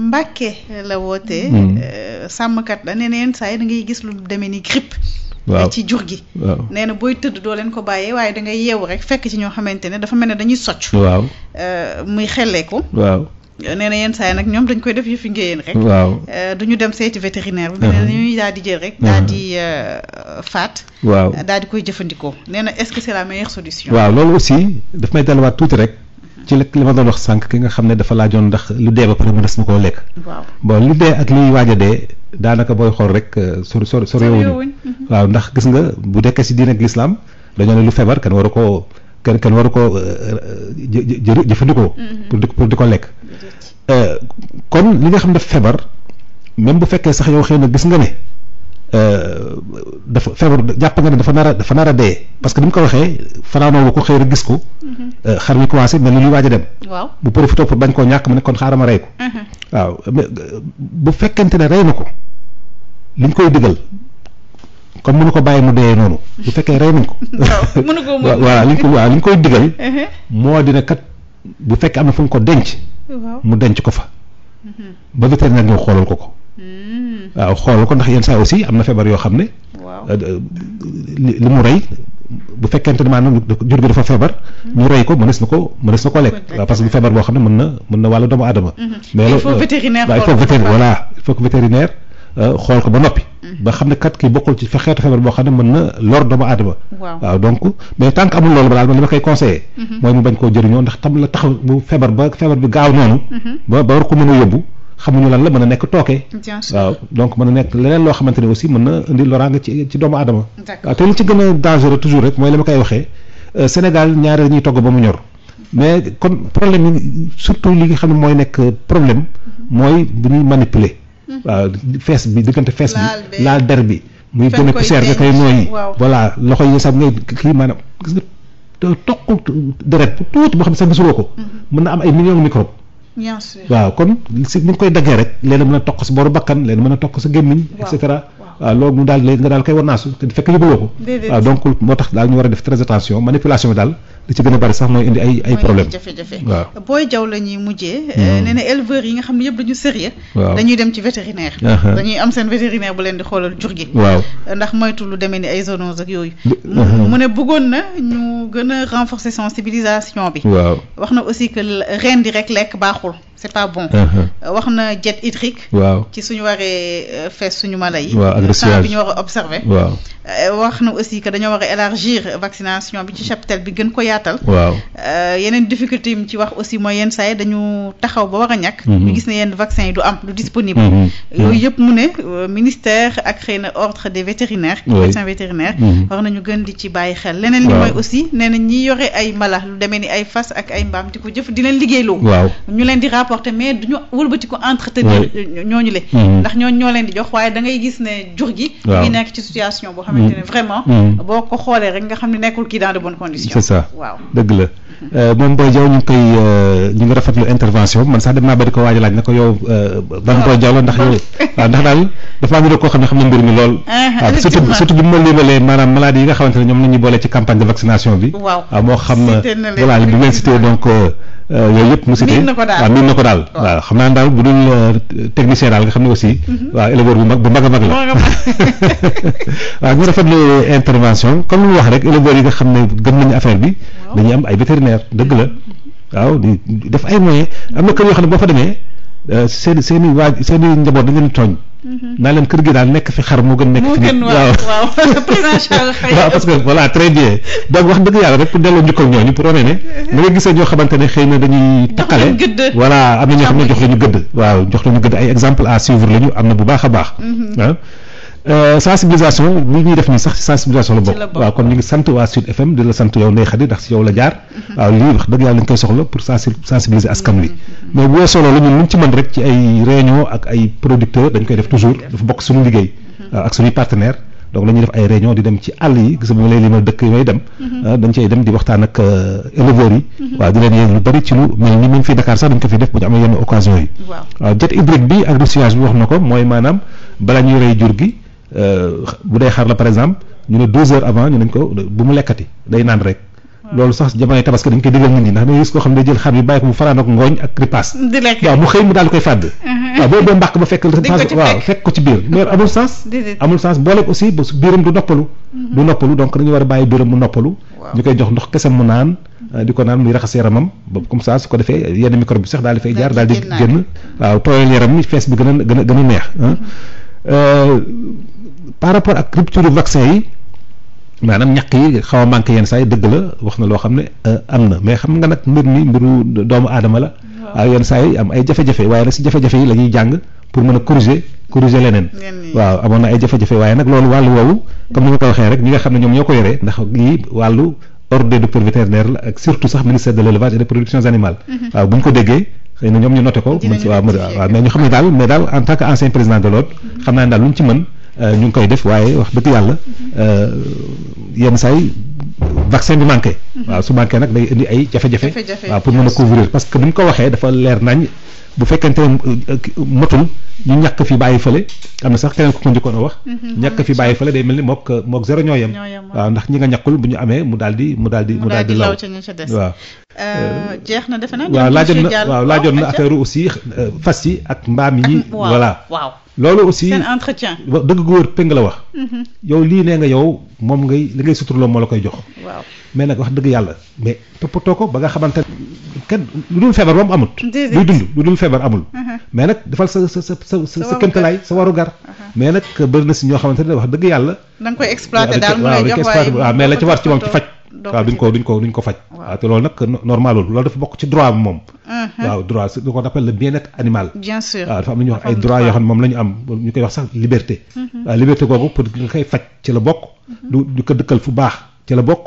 Mbàkke la woote hmm. sàmmkat la neneen saa yi da ngay gis lu demee ni grippe waaw ci jur gi. waaw nee na booy tëdd doo leen ko bàyyee waaye da ngay yeewu rek fekk ci ñoo xamante ne dafa mel ne dañuy socc. waaw euh, muy xelleeku. waaw nee na yenn saa yi nag ñoom dañ koy def yëfi ngéyeen rek. waaw euh, du ñu dem seeti vétérinaire bi. nee na ñuy daal di jël rek. daal di euh, faat. waaw daal di koy jëfandikoo nee na est-ce que c'est la meilleure solution. waaw loolu aussi daf may delluwaat tuuti rek. ci la li ma doon wax sànq ki nga xam ne dafa laajoon ndax lu dee ba pare mu des na koo lekk. waaw bon lu dee ak luy waaj a dee daanaka booy xool rek sor sor soreewuñu waaw ndax gis nga bu dekkee si diin ak lislaam dañoo ne lu feebar kenn waru ko kenn kenn waru koo euh, jëfandikoo. Mhm. pour di ko lekk. Euh, kon li nga xam ne feebar même bu fekkee sax yow xëy na gis nga ne. Euh, dafa feebar jàpp nga ne dafa nar dafa nara a parce que ni mu ko waxee fanaanoo wu ko xëy rek gis ko. Mm-hmm. Euh, xar mi commencé mel ni luy waaj a dem. waaw bu profité pour bañ koo ñàkk mu ne kon xaaral ma rey ko. Mm-hmm. waaw bu fekkente ne rey na ko liñ koy digal kon mënu ko bàyyi mu dee noonu bu fekkee rey nañ ko. waaw mënu ko mënu ko waaw liñ ko waaw liñ koy digal. Mm-hmm. moo dina kat bu fekkee am na fu ñu ko denc. mu denc ko fa. ba vétérinaire ñëw xoolal ko ko. Hmm. waaw xool ko ndax yenn saa aussi am na feebar yoo xam ne. Euh, li mu rey bu fekkente ne maanaam jur gi dafa feebar. ñu rey ko mënees na ko mënees na ko lekk. waaw parce que feebar boo xam ne mën na mën na wàllu doomu aadama. Hmm. mais il faut euh, vétérinaire euh, ba noppi. Hmm. ba xam ne kat kii bokkul ci fa xeetu feebar boo xam ne mën na lor doomu aadama. waaw donc mais tant que amul loolu ba daal man li ma koy conseillé. mooy mu bañ koo jëriñoo ndax tam la taxaw bu feebar ba feebar bi gaaw noonu. ba ba war ko a yóbbu. xamuñu lan la mën a nekk tooke. waaw donc mën a nekk leneen loo xamante ne aussi mën na indi loraange ci doomu aadama. waaw te li ci gën a dangereux toujours rek mooy li ma koy waxee euh, Sénégal ñaari la ñuy togg ba mu ñor. mais kon problème surtout li ngi xam ne mooy nekk problème mhm. mooy bu ñuy manipulé mhm. waaw fees bi diggante fees bi laal der bi. muy gën a poussière nga koy nooyi. voilà loxo yi sax ngay kii maanaam gis nga toq deret tuuti boo xam ne sax gisuloo ko. Mhm. mën na am ay millions microbe bien waaw kon si ni koy daggee rek léeg-léeg mën a toq si booru bakkan leen léeg mën a toq sa gémmiñ et cetera waaw loolu daal lay nga daal koy war naasu te fekk yëguloo ko waaw donc moo tax daal ñu war a def très attention manipulation bi daal li ci gën a bari sax mooy indi ay ay problème jafe-jafe waaw booy jaw la ñuy mujjee hmm. euh, nee na éleveurs yi nga xam ne yëpp dañu sérieux waaw dañuy dem ci vétérinaire uh-huh. dañuy am seen vétérinaire bu leen di xoolal jur gi waaw euh, ndax moytu lu demee ni ay zoonoses ak yooyu uh-huh. mu ne bëggoon na ñu gën a renforcer sensibilisation bi waaw wax na aussi que rendi rek lekk baaxul c'est pas bon. Uh-huh. Euh, wax na jet hydrique. waaw ci suñu waree euh, fees suñu mala yi. waaw temps bi ñu war a observer. waaw euh, wax na aussi que dañoo war a élargir vaccination bi ci cheptel bi gën ko yaatal. waaw yeneen difficulté yi mu ci wax aussi mooy yenn saa yi taxaw ba war a ñàkk. Mm-hmm. ñu gis ne yenn vaccin du am du disponible. Mm-hmm. Mm-hmm. yëpp mu ne ministère ak xëy na ordre des vétérinaires. médecins vétérinaires. war nañu gën di ci bàyyi xel. leneen li mooy aussi nee na ñi yore ay mala lu demee ni ay fas ak ay mbaam di ko jëf di leen liggéeyloo. waaw ñu leen di apporter mais du ñu wëlbati ko entretenir ñooñu le mm-hmm. ndax ñooñu ñoo leen di jox waaye da ngay gis ne jur gi ngi nekk ci situation boo xam ne mm-hmm. vraiment mm-hmm. boo ko xoolee rek nga xam ne nekkul kii dans de bonnes conditions c'est ça waaw dëgg la Euh, moom Boy Diaw ñu ngi koy euh, ñu ngi rafetlu intervention man sax dem naa ba ko waaj laaj na ko yow. Euh, ba Boy Diaw la ndax yow. daal dafa am koo xam ne xam na mbir mi lool. Ah, waaw surtout surtout bi ma limalee maanaam maladie yi nga xamante ne ñoom la ñuy boole ci campagne de vaccination bi. waaw ah, moo xam voilà bi ngeen cité donc. yooyu yëpp mu cité ah, na ko daal waaw miin na ko daal waaw xam naa daal bu dul technicien daal nga xam ne aussi. Mhm. waaw éleveur bu mag bu mag a mag la. waaw ñu rafetlu intervention comme lu mu wax rek éleveurs yi nga xam ne gëm bi. dañuy am ay vétérinaire dëgg la waaw def ay moyens am na kër yoo xam ne boo fa demee euh, seen seen i waaj seen i njaboot dañu leen tooñ. Mhm. naa leen kër gi daal nekk fi xar moo gën nekk fi nit waaw waaw que voilà très bien donc wax dëgg yàlla rek pour delloo njukkal ñooñu pour wane ne na gisee ñoo xamante ne xëy na dañuy taqale voilà am na ñoo xam ne jox la ñu gëdd waaw jox la ñu gëdd ay exemple à suivre la ñu am na bu baax a baax mhm. Euh, sensibilisation bi ñuy def nii sax sensibilisation la bokk waaw kon ñu ngi sant waa Sud FM di la sant yow Ndeye Khady ndax si yow la jaar mhm. waaw lii wax dëgg yàlla ñu koy soxla pour sensibiliser askan wi mhm. mais bu weesoo loolu ñun luñ ci mën rek ci ay réunion ak ay producteurs dañ koy def toujours dafa bokk suñu liggéey mhm. euh, ak suñuy partenaires donc la ñuy def ay réunion di dem ci àll yi gis nga lay limal dëkk yi may dem euh, dañ cay dem di waxtaan ak éleveurs yi waaw di leen yéen lu bëri ci lu mel ni même fii Dakar sax ko fi def bu ñu amee bi ak résilience bi wax na ko mooy maanaam bala ñuy rey jur gi Euh, bu dee xar la par exemple ñu ne deux heures avant ñu nañ ko bu mu lekkati day naan rek. loolu sax jamonoy tabaski dañ koy digal nit ñi ndax dañuy gis koo xam ne day jël xar bi bàyyi ko mu fanaan ak ngooñ ak ripaas. waaw mu xëy mu daal koy fàdd. Mhm. waaw boobu boo mbàq ba fekk. waaw fekk ko ci biir mais amul sens. amul sens booleeg aussi biiram du noppalu. Mhm. du noppalu donc dañu war a bàyyi biiram mu noppalu. ñu koy jox ndox kese mu naan. Mhm. di ko naan muy raxas yaramam ba comme ça su ko defee yenn microbe bi sax daal di fay jaar daal di génn. waaw tooyal yaram a gën a neex par rapport ak rupture vaccin yi maanaam ñàkk yi xaw a manqué yenn saa yi dëgg la wax na loo xam ne euh, am na mais xam nga nag mbir mi mbiru doomu aadama la. waaw yenn saa am ay jafe-jafe waaye nag si jafe-jafe yi la ñuy jàng pour mën a corriger corriger leneen. waaw amoon na ay jafe-jafe waaye nag loolu wàllu woowu. comme ni ma ko waxee rek ñi nga xam ne ñoom ñoo ko yore ndax lii wàllu ordre du vétérinaire la ak surtout sax ministère de l' et mhm. de Euh, ñu ngi koy def waaye wax bëgg yàlla mhm. euh, yenn saay vaccin bi manqué. Mhm. waaw su mànkee nag day indi ay jafe-jafe. waaw pour mën a couvrir parce que ni mu ko waxee dafa leer nañ bu fekkente euh, motul ñu ñàkk fi bàyyi fële am na sax keneen ko njëkkoon a wax. Mhm. ñàkk fi bàyyi fële day mel ni mook mook zéro ñoo yem. waaw ndax ñi nga ñàkkul bu ñu amee mu daal di mu daal di. mu daal di law waaw. jeex na defe naa. waaw laajoon na waaw laajoon na affaire aussi fas yi ak mbaam yi. voilà loolu aussi seen entretien. dëgg gu wër péng la wax. Mm-hmm. yow lii nee nga yow moom ngay li ngay suturloo moo la koy jox. waaw mais nag wax dëgg yàlla mais toppatoo ko ba nga xamante ne kenn lu dul feebar moom amut. luy dund lu dul feebar amul. Mm-hmm. mais nag defal sa sa sa sa sa kéemtalaay sa waru gar uh-huh. mais nag bëri na si ñoo xamante ne wax dëgg yàlla. da nga koy exploité waaw mais la ci war ci moom ci faj. waaw duñ ko duñ ko duñ ko faj waaw te loolu nag normal loolu loolu dafa bokk ci droit moom mhm. waaw droit ce qu'on appelle le bien-être animal waaw dafa am lu ñuy wax ay droit yoo xam moom la ñu am ñu koy wax sax liberté mhm. waaw mhm. du ko dëkkal fu baax ci la bokk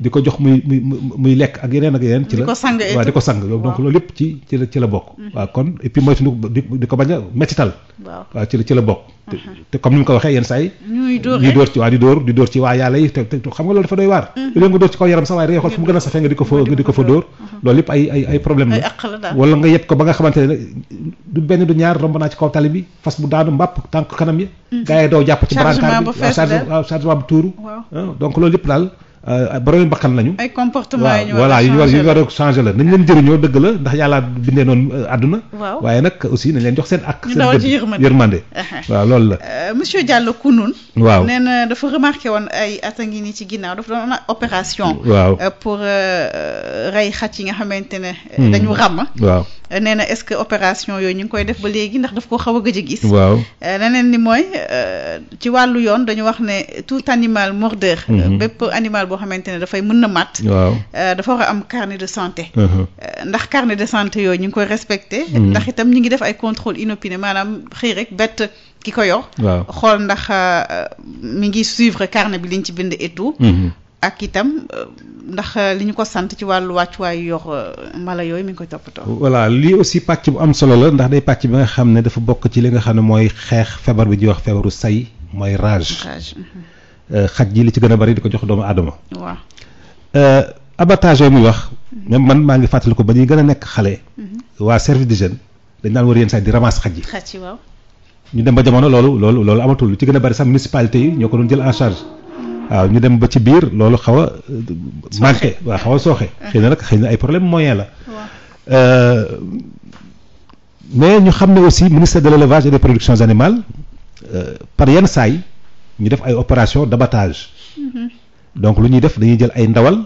di ko jox muy muy muy lekk ak yeneen ak yeneen ci la waaw di ko sang donc loolu yëpp ci ci la ci la bokk waaw kon et puis moytu di ko bañ a métital waaw la ci la bokk te comme ni mu ko waxee yenn saa yi ñuy dóor ci waa di dóor di dóor ci waa yàlla yi te xam nga loolu dafa doy waar mm-hmm. léegi nga dóor ci kaw yaram sax waaye da ngay xool fu mu gën a safee nga di ko fa nga di ko fa dóor loolu yëpp ay ay ay problème la wala nga yëpp ko ba nga xamante ne du benn du ñaar romb naa ci kaw tali bi fas bu daanu mbàpp tànk kanam yi mm-hmm. gars yi jàpp ci brancard bi waaw chargement bu tuuru ah, donc loolu yëpp daal Euh, borom bakkan lañu. ay comportement yi ñu war a changé voilà a changé la nañ leen jëriñoo dëgg la ndax yàlla bindee noonu euh, àdduna. waaw waaye nag aussi nañ leen jox seen ak. ñu dawal ci yërmande yërmande uh-huh. waaw loolu la. Euh, monsieur Diallo Kounoune. waaw nee dafa remarqué woon ay at a ngi nii ci ginnaaw dafa doon opération. waaw pour rey xaj yi nga xamante ne. Hmm. dañu ràmm waaw. nee na est-ce que opération yooyu ñu ngi koy def ba léegi ndax daf ko xaw a gëj a gis. waaw euh, leneen ni mooy euh, ci wàllu yoon dañu wax ne tout animal mordeur. Euh, mhm. bépp animal boo xamante ne dafay mën na matt waaw dafa war am carnet de santé. Mhm. ndax carne de santé yooyu ñu ngi koy respecté. Mhm. ndax itam ñu ngi def ay contrôle inopiné maanaam xëy rek bett. ki ko yor. xool ndax mu ngi suivre carne bi liñ ci bind et tout. ak itam euh, ndax euh, li ñu ko sant ci wàllu wàccuwaayu yor euh, mala yooyu mi ngi koy toppatoo. voilà lii aussi pàcc bu am solo la ndax day pàcc bi nga xam ne dafa bokk ci li nga xam ne mooy xeex feebar bi ñuy wax feebaru say mooy rage. Mhm. xaj ji li ci gën a bari di ko jox doomu adama waaw abattage yooyu muy wax. même man maa ngi fàttali ko ba ñuy gën a nekk xale. Mhm. waa service des jeunes dañ daan war yenn saa di ramasse xaj yi. xaj yi waaw. ñu dem ba jamono loolu loolu amatul lu ci gën a bari sax municipalité ñoo ko doon jël en waaw ñu dem ba ci biir loolu xaw a euh, manqué waaw xaw a sooxe ah. xëy na nag xëy na ay problème moyen la euh, mais ñu xam ne aussi ministère de l'élevage et de production animales euh, par yenn saay ñu def ay opération d'abattage mm-hmm. donc lu ñuy def dañuy jël ay ndawal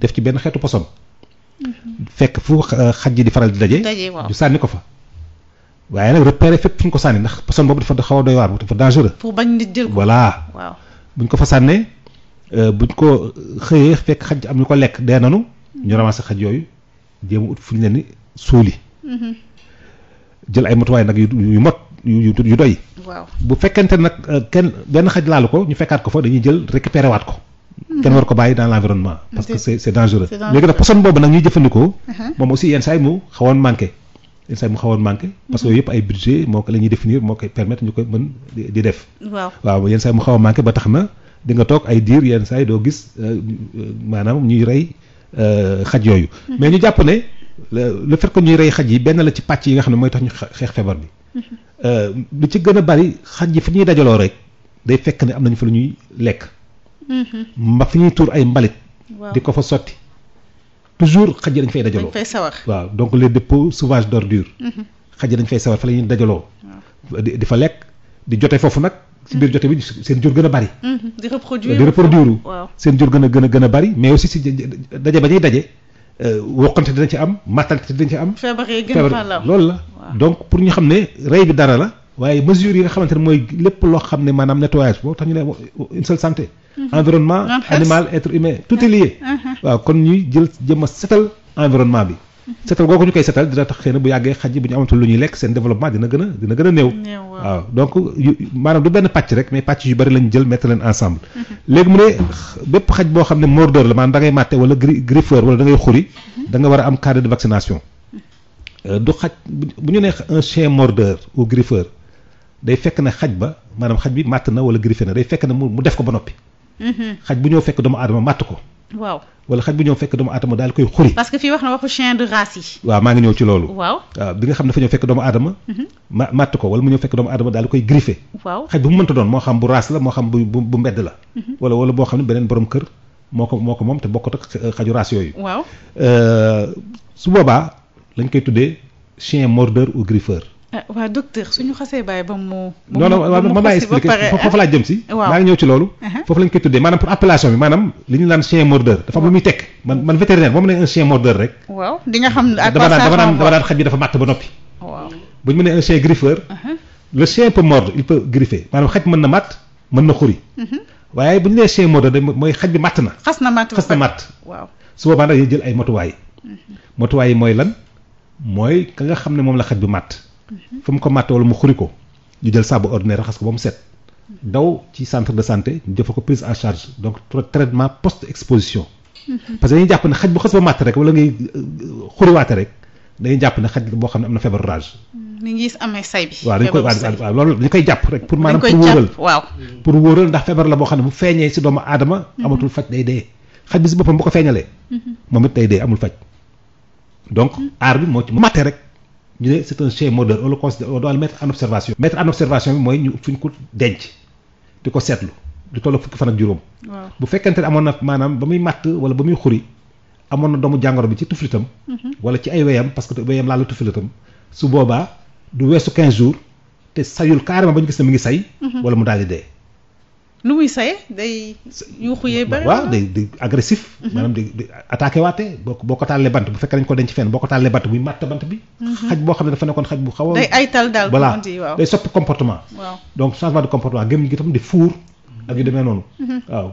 def ci benn xeetu poson mm-hmm. fekk fu xaj yi di faral di daje ñu sànni ko fa waaye nag repérer fépp fu ñu ko sànni ndax poson boobu dafa xaw a doy waar dafa dangereux pour bañ nit jël ko ko fa sànnee Euh, ñu ko xëyee fekk xaj am ñu ko lekk dee nanu ñu ramassé xaj yooyu jéem ut fu ñu leen ni suuli mm-hmm. jël ay matuwaay nag yu mot yu yu doy. waaw bu fekkente nag euh, kenn benn xaj laalu ko ñu fekkaat ko fa dañuy jël récupéré waat ko. Mm-hmm. kenn war ko bàyyi dans l' environnement. Mm-hmm. parce que c' est c' est dangereux. léegi nag poson boobu nag ñuy jëfandikoo. Uh-huh. moom aussi yenn saa mu xawoon manqué. yenn saa mu xawoon manqué. parce que yooyu yëpp ay budget moo ko la ñuy définir moo koy permettre ñu koy mën mu xaw ba tax na. di nga toog ay diir yenn saa yi doo gis euh, maanaam ñuy rey euh, xaj yooyu. Mm-hmm. mais ñu jàpp ne lu fait que ñuy rey xaj yi benn la ci pàcc yi nga xam ne mooy tax ñu xeex feebar bi. Mm-hmm. Euh, lu ci gën a bari xaj yi fi ñuy dajaloo rek day fekk ne am nañ fa lu ñuy lekk. Mm-hmm. mba fi ñuy tuur ay mbalit. di ko fa sotti. toujours xaj yi dañ fay dajaloo dañ fay waaw donc le dépôts sauvages d'ordures. xaj yi dañ fay sawar fa la dajaloo. di fa lekk di jote foofu nag si biir jote bi seen jur gën a bari. Mm-hmm. di reproduire seen jur gën a gën a gën a bari mais aussi si daje ba ñuy daje. Euh, wokkante dina ci am mattante dina ci am. feebar yi gën fa la loolu la. donc pour ñu xam ne rey bi dara la. waaye mesures yi nga xamante ne mooy lépp loo xam ne maanaam nettoyage boobu tax ñu ne une seule santé. Mm-hmm. environnement animal être humain tout est uh-huh. waaw kon ñuy jël jëm a setal environnement bi. setal googu ñu koy setal dina tax xëy na bu yàggee xaj yi bu ñu amatul lu ñuy lekk seen développement dina gën a dina gën a néew waaw donc maanaam du benn pàcc rek mais pàcc yu bari lañ jël mettre leen ensemble mm-hmm. léegi mu ne bépp xaj boo xam ne mordeur la maanaam da ngay màtte wala griffeur wala da ngay xuri mm-hmm. da nga war a am carte de vaccination mm-hmm. euh, du xaj bu ñu neex un chien mordeur ou griffeur day fekk ne xaj ba maanaam xaj bi matt na wala griffé na day fekk ne mu def ko ba noppi xaj bu ñëw fekk doomu aadama màtt ko waaw wala xaj bu ñëw fekk doomu aadama daal koy xuri. parce que fii wax na waxu chien de race yi. waaw maa ngi ñëw ci loolu. waaw ah, bi nga xam dafa ñëw fekk doomu aadama. Mhm. ma màtt ko wala mu ñëw fekk doomu aadama daal koy griffé. xaj bu mu mënta doon moo xam bu race la moo xam bu bu mbedd la. Mhm. wala wala boo xam ne beneen borom kër moo ko moo ko moom te bokkut ak xaju race yooyu. Euh, su boobaa lañ koy tuddee chien mordeur ou griffeur. ah waa docteur suñu xasee bàyyi ba mu. non non ma ma expliqué foofu uh-huh. moom la un chien mordeur rek. waaw di nga xam ak dama daan dama daan dama daan xaj bi dafa màtt xas na màtt su boobaa nag dañuy jël ay motuwaay. Uh-huh. motuwaay yi mooy lan mooy ka nga xam ne moom la xaj bi màtt fu mu ko màtte wala mu xuri ko ñu jël saabu ordinaire raxas ko ba mu set daw ci centre de santé ñu defal ko prise en charge donc traitement post exposition mhm. parce que dañuy jàpp ne xaj bu xas ba màtt rek wala ngay euh, xuriwaate rek dañuy jàpp ne xaj boo xam ne am na feebar rage mm, ni ngi amee say bi waaw dañ koy loolu dañ koy jàpp rek pour maanaam pour wóoral waaw pour wóoral ndax feebar la boo xam ne bu feeñee si doomu aadama mhm. amatul faj day dee xaj bi si boppam bu ko feeñalee mhm. moom it day dee amul faj donc aar bi moo ci màtte rek ñu ne c'est un chien mordeur on le mettre en observation mettre en observation bi mooy ñu fi ñu ko denc di ko seetlu di toll fukki fan ak juróom bu fekkente amoon na maanaam ba muy màtt wala ba muy xuri amoon na doomu jàngoro bi ci tuflitam mhm. wala ci ay weyam parce que weyam laa la tuflitam su boobaa du weesu quinze jours te sayul carrément ba ñu gis ne mi ngi say mhm. wala mu daal di dee lu muy saye day yuuxu yee bari waaw day day agressif mhm. maanaam day day attaqué waate boo ko tàllee bant bu fekkee dañ ko denc fenn boo ko tàllee bant muy màtt bant bi mhm. xaj boo xam ne dafa nekkoon xaj bu a day aytal daal voilà day soppi comportement waaw donc changement de comportement gémmiñ gi tam di fuur ak yu demee noonu mhm. waaw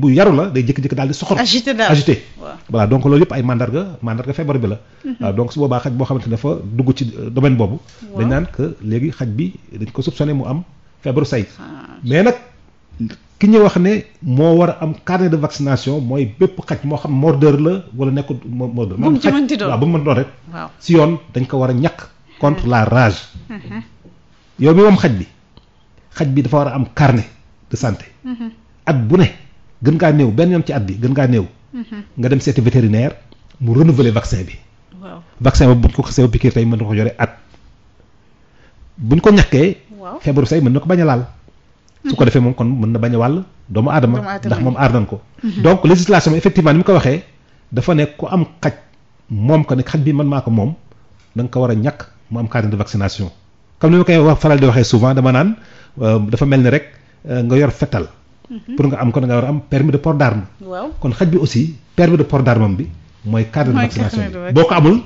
mu yaru la day jékki-jékki daal di soxor agité daal agité voilà loolu yëpp ay mandarga mandarga feebar bi la waaw donc su boobaa xaj boo xamante ne dafa dugg ci euh, domaine boobu dañ naan que léegi xaj bi dañ ko soupçonné mu am feebaru say ah, mais nag ki ñu wax ne moo war a am carnet de vaccination mooy bépp xaj moo xam mordeur la wala nekkul mordeur moom ci mënti doon waaw bu mu si yoon dañ ko war a ñàkk contre mm-hmm. la rage mm-hmm. yow mi xaj bi xaj bi dafa war a am carnet de santé mm-hmm. at bu ne gën ngaa néew benn yoon ci at bi gën ngaa néew nga dem seeti vétérinaire mu renouveler vaccin bi waaw vaccin ba buñ ko xasee ba tey mën na ko yore at buñ ko ñàkkee feebaru say mën na ko bañ a laal su ko mhm. defee moom kon mën na bañ a wàll doomu aadama ndax moom aar nañ ko mhm. donc législation effectivement ni mu ko waxee dafa ne ku am xaj moom ko ne xaj bi man maa ko moom da nga ko war a ñàkk mu am carnet de vaccination comme ni ma koy wax faral di waxee souvent dama naan euh, dafa mel ni rek euh, nga yor fetal mhm. pour nga am ko da nga war a am permis de port d'arme kon xaj bi aussi permis de port d'arme bi mooy carnet de vaccination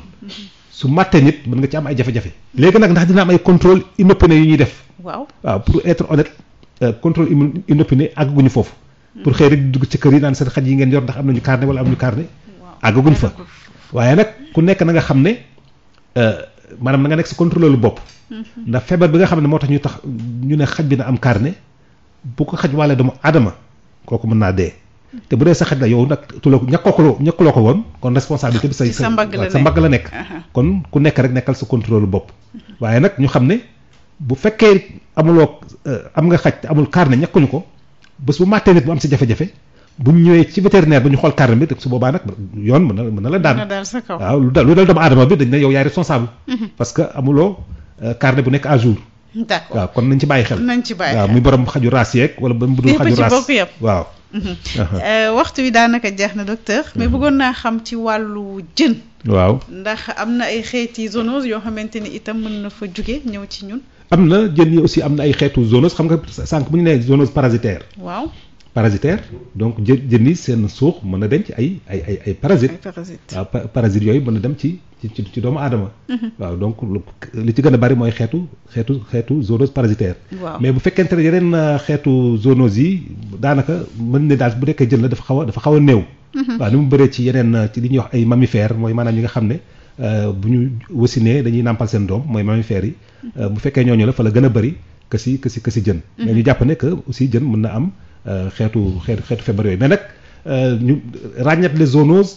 su màttee nit mën nga ci am ay jafe-jafe. léegi nag ndax dina am ay contrôle inopiné yu ñuy def. waaw waaw pour être honnête euh, contrôle inopiné àgguñu foofu. Hmm. pour xëy rek dugg ci kër yi naan seen xaj yi ngeen yor ndax am nañu carnet wala am ñu carnet. àggaguñ fa waaye nag ku nekk na nga xam ne euh, maanaam na nga nekk sa contrôle lu bopp. Hmm. ndax feebar bi nga xam ne moo tax ñu tax ñu ne xaj bi na am carnet bu ko xaj wàllee doomu aadama kooku mën naa dee. te bu dee sa xaj la yow nag tuloo ko ñàkkuloo ko woon kon responsabilité bi say sa mbagg la nekk kon ku nekk rek nekkal sa contrôle bopp mhm. waaye nag ñu xam ne bu fekkee amuloo euh, am nga xaj te amul carnet ñàkkuñu ko bés bu màttee nit bu am si jafe-jafe bu ñëwee ci vétérinaire ba ñu xool carnet bi su boobaa nag yoon la daan waaw lu dal doomu aadama bi dañ ne yow yaay responsable mhm. parce amuloo euh, carnet bu nekk à d' accord waaw kon nañ ci bàyyi xel. nañ ci bàyyi xel waaw muy borom xaju raas yeeg wala ba mu budul xaju raas lépp waaw. Mhm. Uh-huh. Euh, waxtu wi daanaka jeex na docteur. mais uh-huh. bëggoon naa xam ci wàllu jën. waaw ndax am na ay xeeti zoonose yoo xamante ni itam mën na fa jóge ñëw ci ñun. am na jën yi aussi am na ay xeetu zoonose xam nga sànq bu ñu nee zoonose parasitaire. waaw parasitaire donc jë jën yi seen suux mën na denc ay ay ay ay parasites waaw ah, parasites yooyu mën na dem ci ci ci doomu aadama mhm. waaw donc li ci gën a bari mooy xeetu xeetu xeetu zoonose parasitaire mais bu fekkente ne yeneen euh, xeetu zoonose yi daanaka mën ne daal bu nekkee jën la dafa xaw a dafa xaw a néew mhm. waaw mu bëree ci yeneen euh, ci li ñuy wax ay mammifères mooy maanaam ñi nga xam ne euh, bu ñu wasinee dañuy nàmpal seen doom mooy mammifères yi mhm. bu fekkee ñooñu la fa la gën a bëri que si que jën mais ñu jàpp ne que aussi jën mën na am xeetu xeetu xeetu feebar yooyu mais nag euh, ñu ràññetle zoonose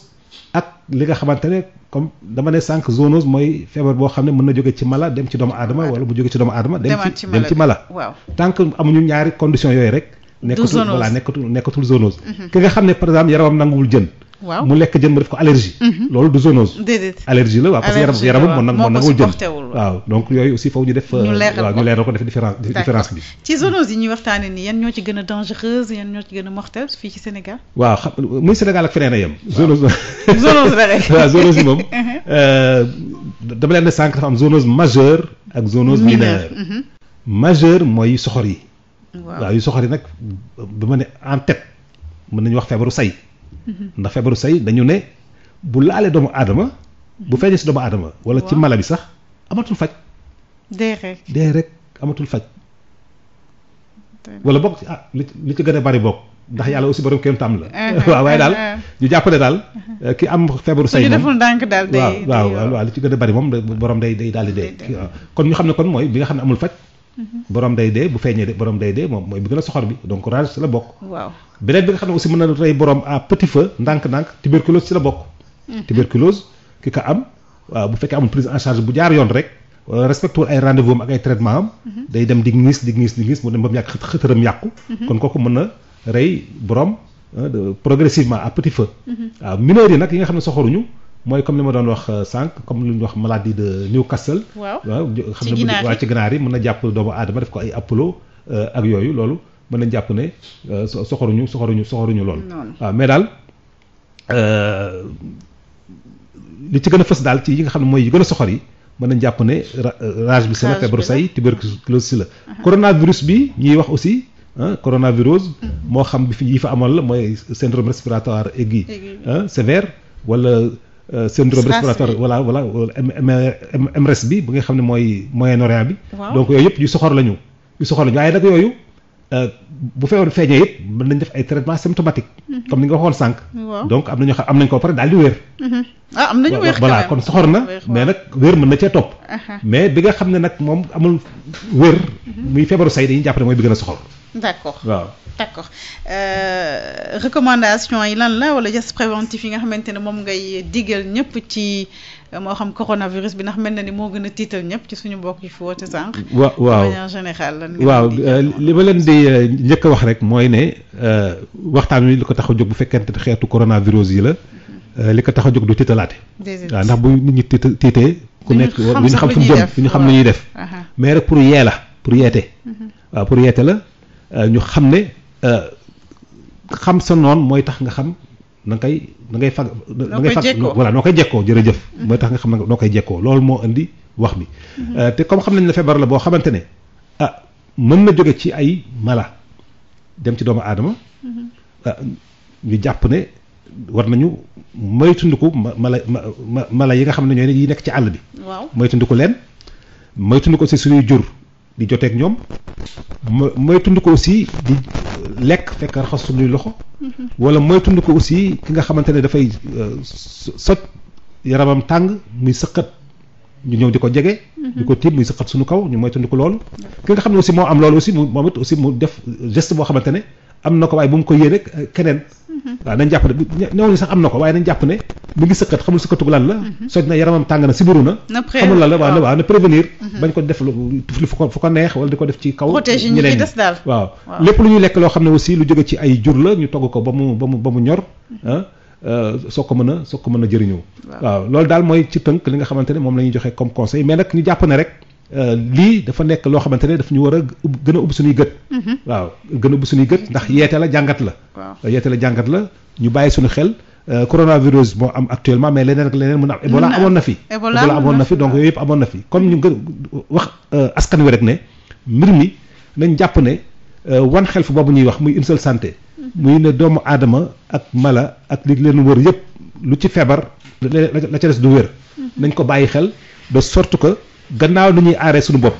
ak li nga xamante ne comme dama ne sànq zoonose mooy feebar boo xam ne mën na jóge ci mala dem ci doomu aadama wala mu jóge ci doomu adama dem ci ci mala waaw tant que amuñu ñaari condition yooyu rek nekkatul voilà nekkatul nekkatul zoonose mhm. ki nga xam ne par exemple yaramam nanguwul jën waaw mu lekk jën ba def ko allergie. Mhm. loolu du zoonose. déedéet allergie la waaw parce que yaram yaramam moo nag moo nangoo jën waaw donc yooyu aussi foofu ñu def. ñu leeral euh, waaw ñu leeral ko def différence différence bi. ci zoonose yi gën a dangereuse a mortelle fii ci Sénégal. waaw xam muy Sénégal ak feneen a yem. zoonose zoonose la rek. waaw moom uh-huh. euh, dama leen ne sànq am zoonose majeure ak zoonose mineure. Mhm. majeure mooy soxor yi. waaw yu soxor yi nag ba ma ne en tête mën nañu wax feebaru say ndax feebaru say dañu ne bu laalee doomu aadama bu feeñee si doomu aadama wala ci mala bi sax amatul faj dee rek dee rek amatul faj wala bokk ah li ci gën a bari bokk ndax yàlla aussi borom kenn tam la uh-huh, waaw waaye daal uh-huh. ñu jàpp ne daal uh-huh. eh, ki am feebaru say moom deful ndànk daal waaw waaw waaw li ci gën a bari moom borom day day daal di dee kon ñu xam ne kon mooy bi nga xam ne amul faj Mm-hmm. borom day dee bu feeñee de borom day dee moom mooy bi gën a soxor bi donc rage ci la bokk. waaw beneen bi nga xam ne aussi mën na rey borom à petit ndànk-ndànk tuberculose ci la bokk. Mm-hmm. tuberculose ki ko am waaw bu fekkee amul prise en charge bu jaar yoon rek respecté ay rendez-vous am ak ay traitement am. Mm-hmm. day dem di ngis di mu dem ba yàq xëtëram yàqu. kon kooku mën na rey borom euh, progressivement à petit waaw mineurs nag yi nga xam ne mooy comme li ma doon wax euh, sànq comme lu ñuy wax maladie de Newcastle. waaw xam ne bu waa ci ginaar yi mën na jàpp doomu aadama def ko ay apollo euh, ak yooyu loolu mën nañ jàpp ne euh, soxoruñu soxoruñu soxoruñu loolu. waaw mais daal li ci gën a fës daal ci yi nga xam ne mooy yi gën soxor yi mën nañ jàpp ne rage bi si la feebaru say tuberculose si la. Uh-huh. coronavirus bi ñuy wax aussi. ah coronavirus mm. moo xam bi fi yi fa amoon la mooy syndrome respiratoire aigu sévère wala. Euh, syndrome respiratoire voilà voilà MRS bi bu nga xam ne mooy Moyen-Orient bi donc yooyu yëpp yu soxor lañu yu soxor lañu waaye nag yooyu Euh, bu feebar feeñee it mën nañ def ay traitement symptomatique mhm. comme ni nga waxoon sànq donc am nañ ko pare daal di wér mhm. ah am nañu wér voilà kon soxor na mais nag wér mën na cee topp mais bi nga xam ne nag moom amul wér mhm. muy feebaru say dañuy jàpp ne mooy bi gën a soxor d'accord waaw d'accord euh, recommandation yi lan la wala gestes préventifs yi nga xamante ne moom ngay digal ñëpp ci moo xam coronavirus bi ndax mel na ni moo gën a tiital ñëpp ci suñu mbokk yi fi sànq. waaw waaw manière waaw euh, li ma leen di euh, njëkk a wax rek mooy ne euh, waxtaan wi li ko tax a jóg bu fekkent xeetu coronavirus yi la. li ko tax a jóg du tiitalaate. waaw ndax bu nit ñi tiita tiitee. ku nekk lu ñu xam fu ñu jëm ñu xam lu ñuy def. mais rek pour yee la pour yeete. Mhm. waaw pour yeete la ñu xam ne xam sa noon mooy tax nga xam. na kay koy ngay fag na ngay fag voilà noo koy jekkoo jërëjëf mooy tax nga xam ne noo koy jekkoo loolu moo indi wax bi mhm. euh, te comme xam nañ ne feebar la boo xamante ne ah mën na jóge ci ay mala dem ci doomu aadama mhm. ah, ñu jàpp ne war nañu ma mala mala yi nga xam ne ñooy yi nekk ci àll bi waaw ko leen moytundiku aussi suñuy jur di joteeg ñoom mooy tund ko aussi di lekk fekk raxas suñuy loxo mm-hmm. wala mooy tund ko aussi ki nga xamante ne dafay euh, soj yaramam tàng muy sëqat ñu ñëw di ko jege mm-hmm. di ko tiim muy sëqat suñu kaw ñu mooy tund ko loolu ki nga xam ne aussi moo am loolu aussi mu moom it aussi mu def geste boo xamante ne am na ko waaye bu mu ko yéene keneen Mm-hmm. waaw nañ jàpp ne néew sax am na ko waaye nañ jàpp ne mi ngi sëkkat xamul sëkkatug lan la mm-hmm. soj na yaramam tàng na sibiru na xamul lan la waaw na prévenir mm-hmm. bañ ko def lu fu ko neex wala di ko def ci kaw ñeneen waaw lépp lu ñuy lekk loo xam ne aussi lu jóge ci ay jur la ñu togg ko ba mu ba mu ñor ah, euh, soo ko mën a soo ko mën a jëriñoo waaw loolu daal mooy ci tënk li nga xamante ne moom la ñuy joxe comme conseil mais nag ñu jàpp ne rek Euh, lii dafa nekk loo xamante ne daf ñu war a ub gën a ub suñuy gët. Mm-hmm. waaw gën a ub suñuy gët ndax yeete la jàngat la. waaw euh, yeete la jàngat la ñu bàyyi suñu xel. Euh, coronavirus moo am actuellement mais leneen ak leneen mën a am. Ebola amoon na fi. Ebola amoon na fi donc yooyu yëpp amoon na fi kon ñu gën wax askan wi rek ne mbir mi nañ jàpp ne wan xel fu boobu ñuy wax muy une seule santé. Mm-hmm. muy ne doomu aadama ak mala ak li leen wër yëpp lu ci feebar. la la ca des du wér. Mm-hmm. ko bàyyi xel gannaaw nañuy aaree suñu bopp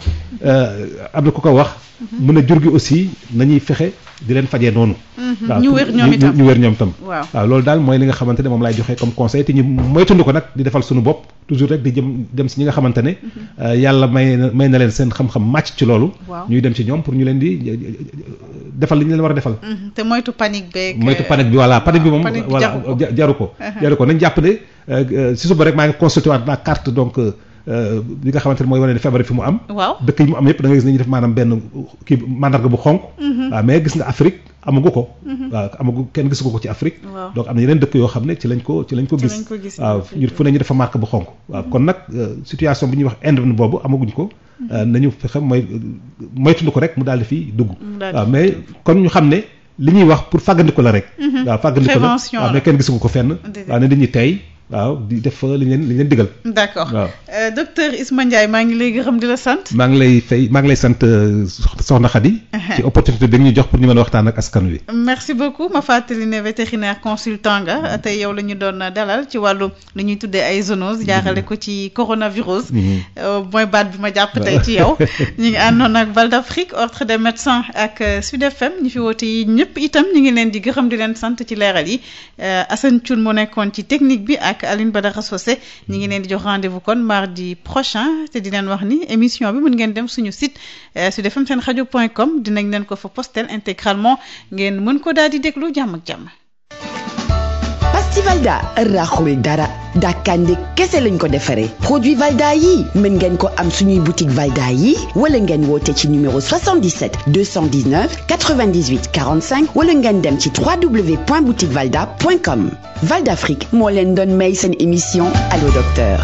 euh, am na ku ko wax. Mhm. mu ne jur gi aussi na ñuy fexe di leen fajee noonu. Mhm. ñu wér ñoom itam ñu wér ñoom itam. waaw loolu daal mooy li nga xamante ne moom laay joxe comme conseil te ñu moytuñu ko nag di defal suñu bopp toujours rek di jëm dem si ñi nga xamante ne. Mhm. Euh, yàlla may may na leen seen xam màcc ci loolu. ñuy dem ci ñoom pour ñu leen di euh, defal li ñu leen war a defal. te moytu panique beeg. moytu panique bi voilà panique bi moom. panique jaru ko voilà jaru ko. nañ jàpp ne si suba rek maa ngi consulté waat naa carte donc. Euh, li nga xamante ne mooy wane ne feebar fi mu am. waaw dëkk yi mu am yëpp da ngay gis ne ñu def maanaam benn kii mandarga bu xonk. waaw mhm. ah, mais gis nga Afrique amagu ko. waaw mhm. ah, amagu kenn gisu ko ci Afrique. donc am na yeneen dëkk yoo xam ne ci lañ ko ci lañ ko gis. waaw ah, ñu fu ne ñu dafa marque bu xonk. waaw mhm. kon nag euh, situation bi ñuy wax inde boobu amaguñ ko. nañu fexe mooy moytuñu ko rek mu daal di fi dugg. waaw mais kon ñu xam ne. li ñuy wax pour fàggandiku la rek. waaw fàggandiku la waaw mais ko fenn. waaw ne dañuy tey waaw di def fa li leen li leen digal. d'accord waaw euh, docteur Isma Ndiaye maa ngi lay gërëm di la sant. maa ngi lay fay maa ngi lay sant euh, soxna Khady. Uh-huh. ci opportunité bi ñu jox pour ñu mën waxtaan ak askan wi. merci beaucoup ma fàttali ne vétérinaire consultant nga mm-hmm. tey yow la ñu doon dalal ci wàllu li ñuy tuddee ay zoonoses jaarale mm-hmm. ko ci coronavirus. Mm-hmm. Euh, mooy baat bi ma jàpp tey ci yow. ñu ngi àndoon ak Val d'Afrique ordre des ak Sud FM ñu fi woote yi ñëpp itam ñu ngi leen di gërëm di leen sant ci leeral yi Assane Thioune mu nekkoon ci technique bi ak. ak Alioune Badara Socé ñi ngi leen di jox rendez kon mardi prochain te di leen wax ni émission bi mun ngeen dem suñu site eh, sud fm seen rajo point com dinañ leen ko fa postel intégralement ngeen mën ko daal di déglu jàmm ak jàmm festival da raxul dara dàkkande kese lañ ko defaree produit Valda yi mën ngeen ko am suñuy boutique Valda yi wala ngeen woote ci numéro 77 219 98 45 wala ngeen dem ci www.boutiquevalda.com Valda Afrique moo leen doon may seen émission Allo Docteur.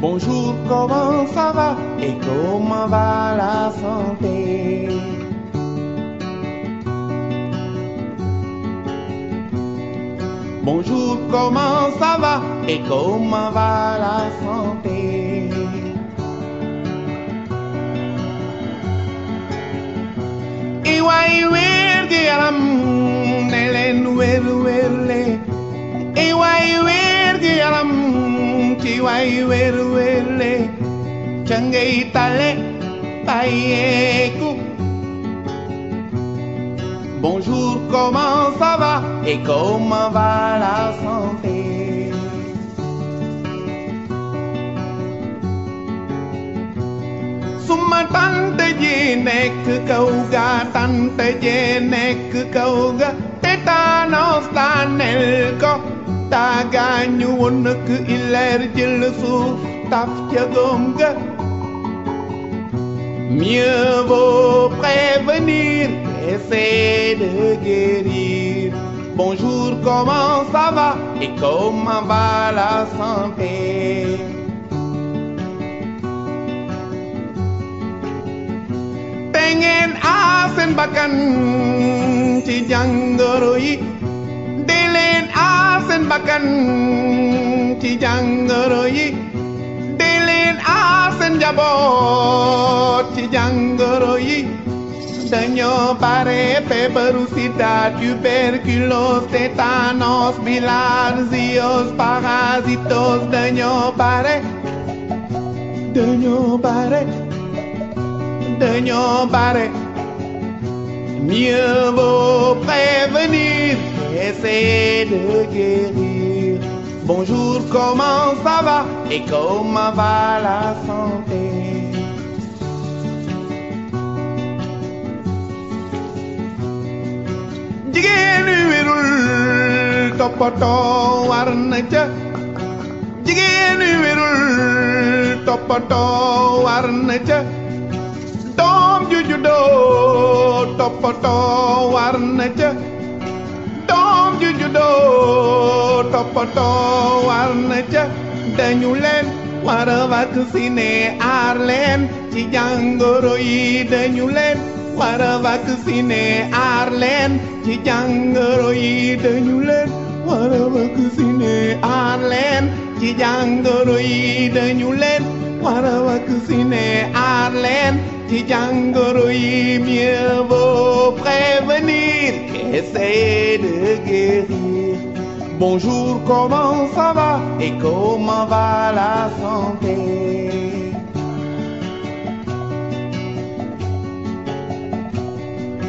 Bonjour, comment ça va et comment va la santé? Bonjour, comment ça va et comment va la santé Iwai wirdi alam nele nuelu wele Iwai wirdi alam tiwai wele wele Changei tale payeku Bonjour, comment ça va et comment va la santé su ma tante ji nekk kaw ga tante ji nekk kaw ga tétanos daaneel ko taagaañu woon nak ileer jël suuf taf ca góom ga mieux vaut prévenir essaie de guérir. Bonjour, comment ça va et comment va la santé Te ngeen aar ci jàngoro yi de leen ci jàngoro dañoo bare feebaru sida tuberculose tétanos bilharziose parasitose dañoo bare dañoo bare dañoo bare mieux vaut prévenir essayer de guérir bonjour comment ça va et comment va la santé jigéen wérul toppatoo war na ca jigéen wérul toppatoo war na ca doom ju juddoo toppatoo war na ca doom ju juddoo toppatoo war na ca dañu leen leen ci jàngoro yi dañu leen war a vacciner aar leen ci jàngoro yi dañu war a vacciner aar leen ci jàngoro yi dañu leen war a vacciner aar leen ci jàngoro yi mieux vaut prévenir qu'essayer de guérir bonjour comment ça va et comment la santé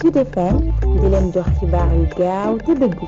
Sud FM di leen jox xibaar gaaw te dëgg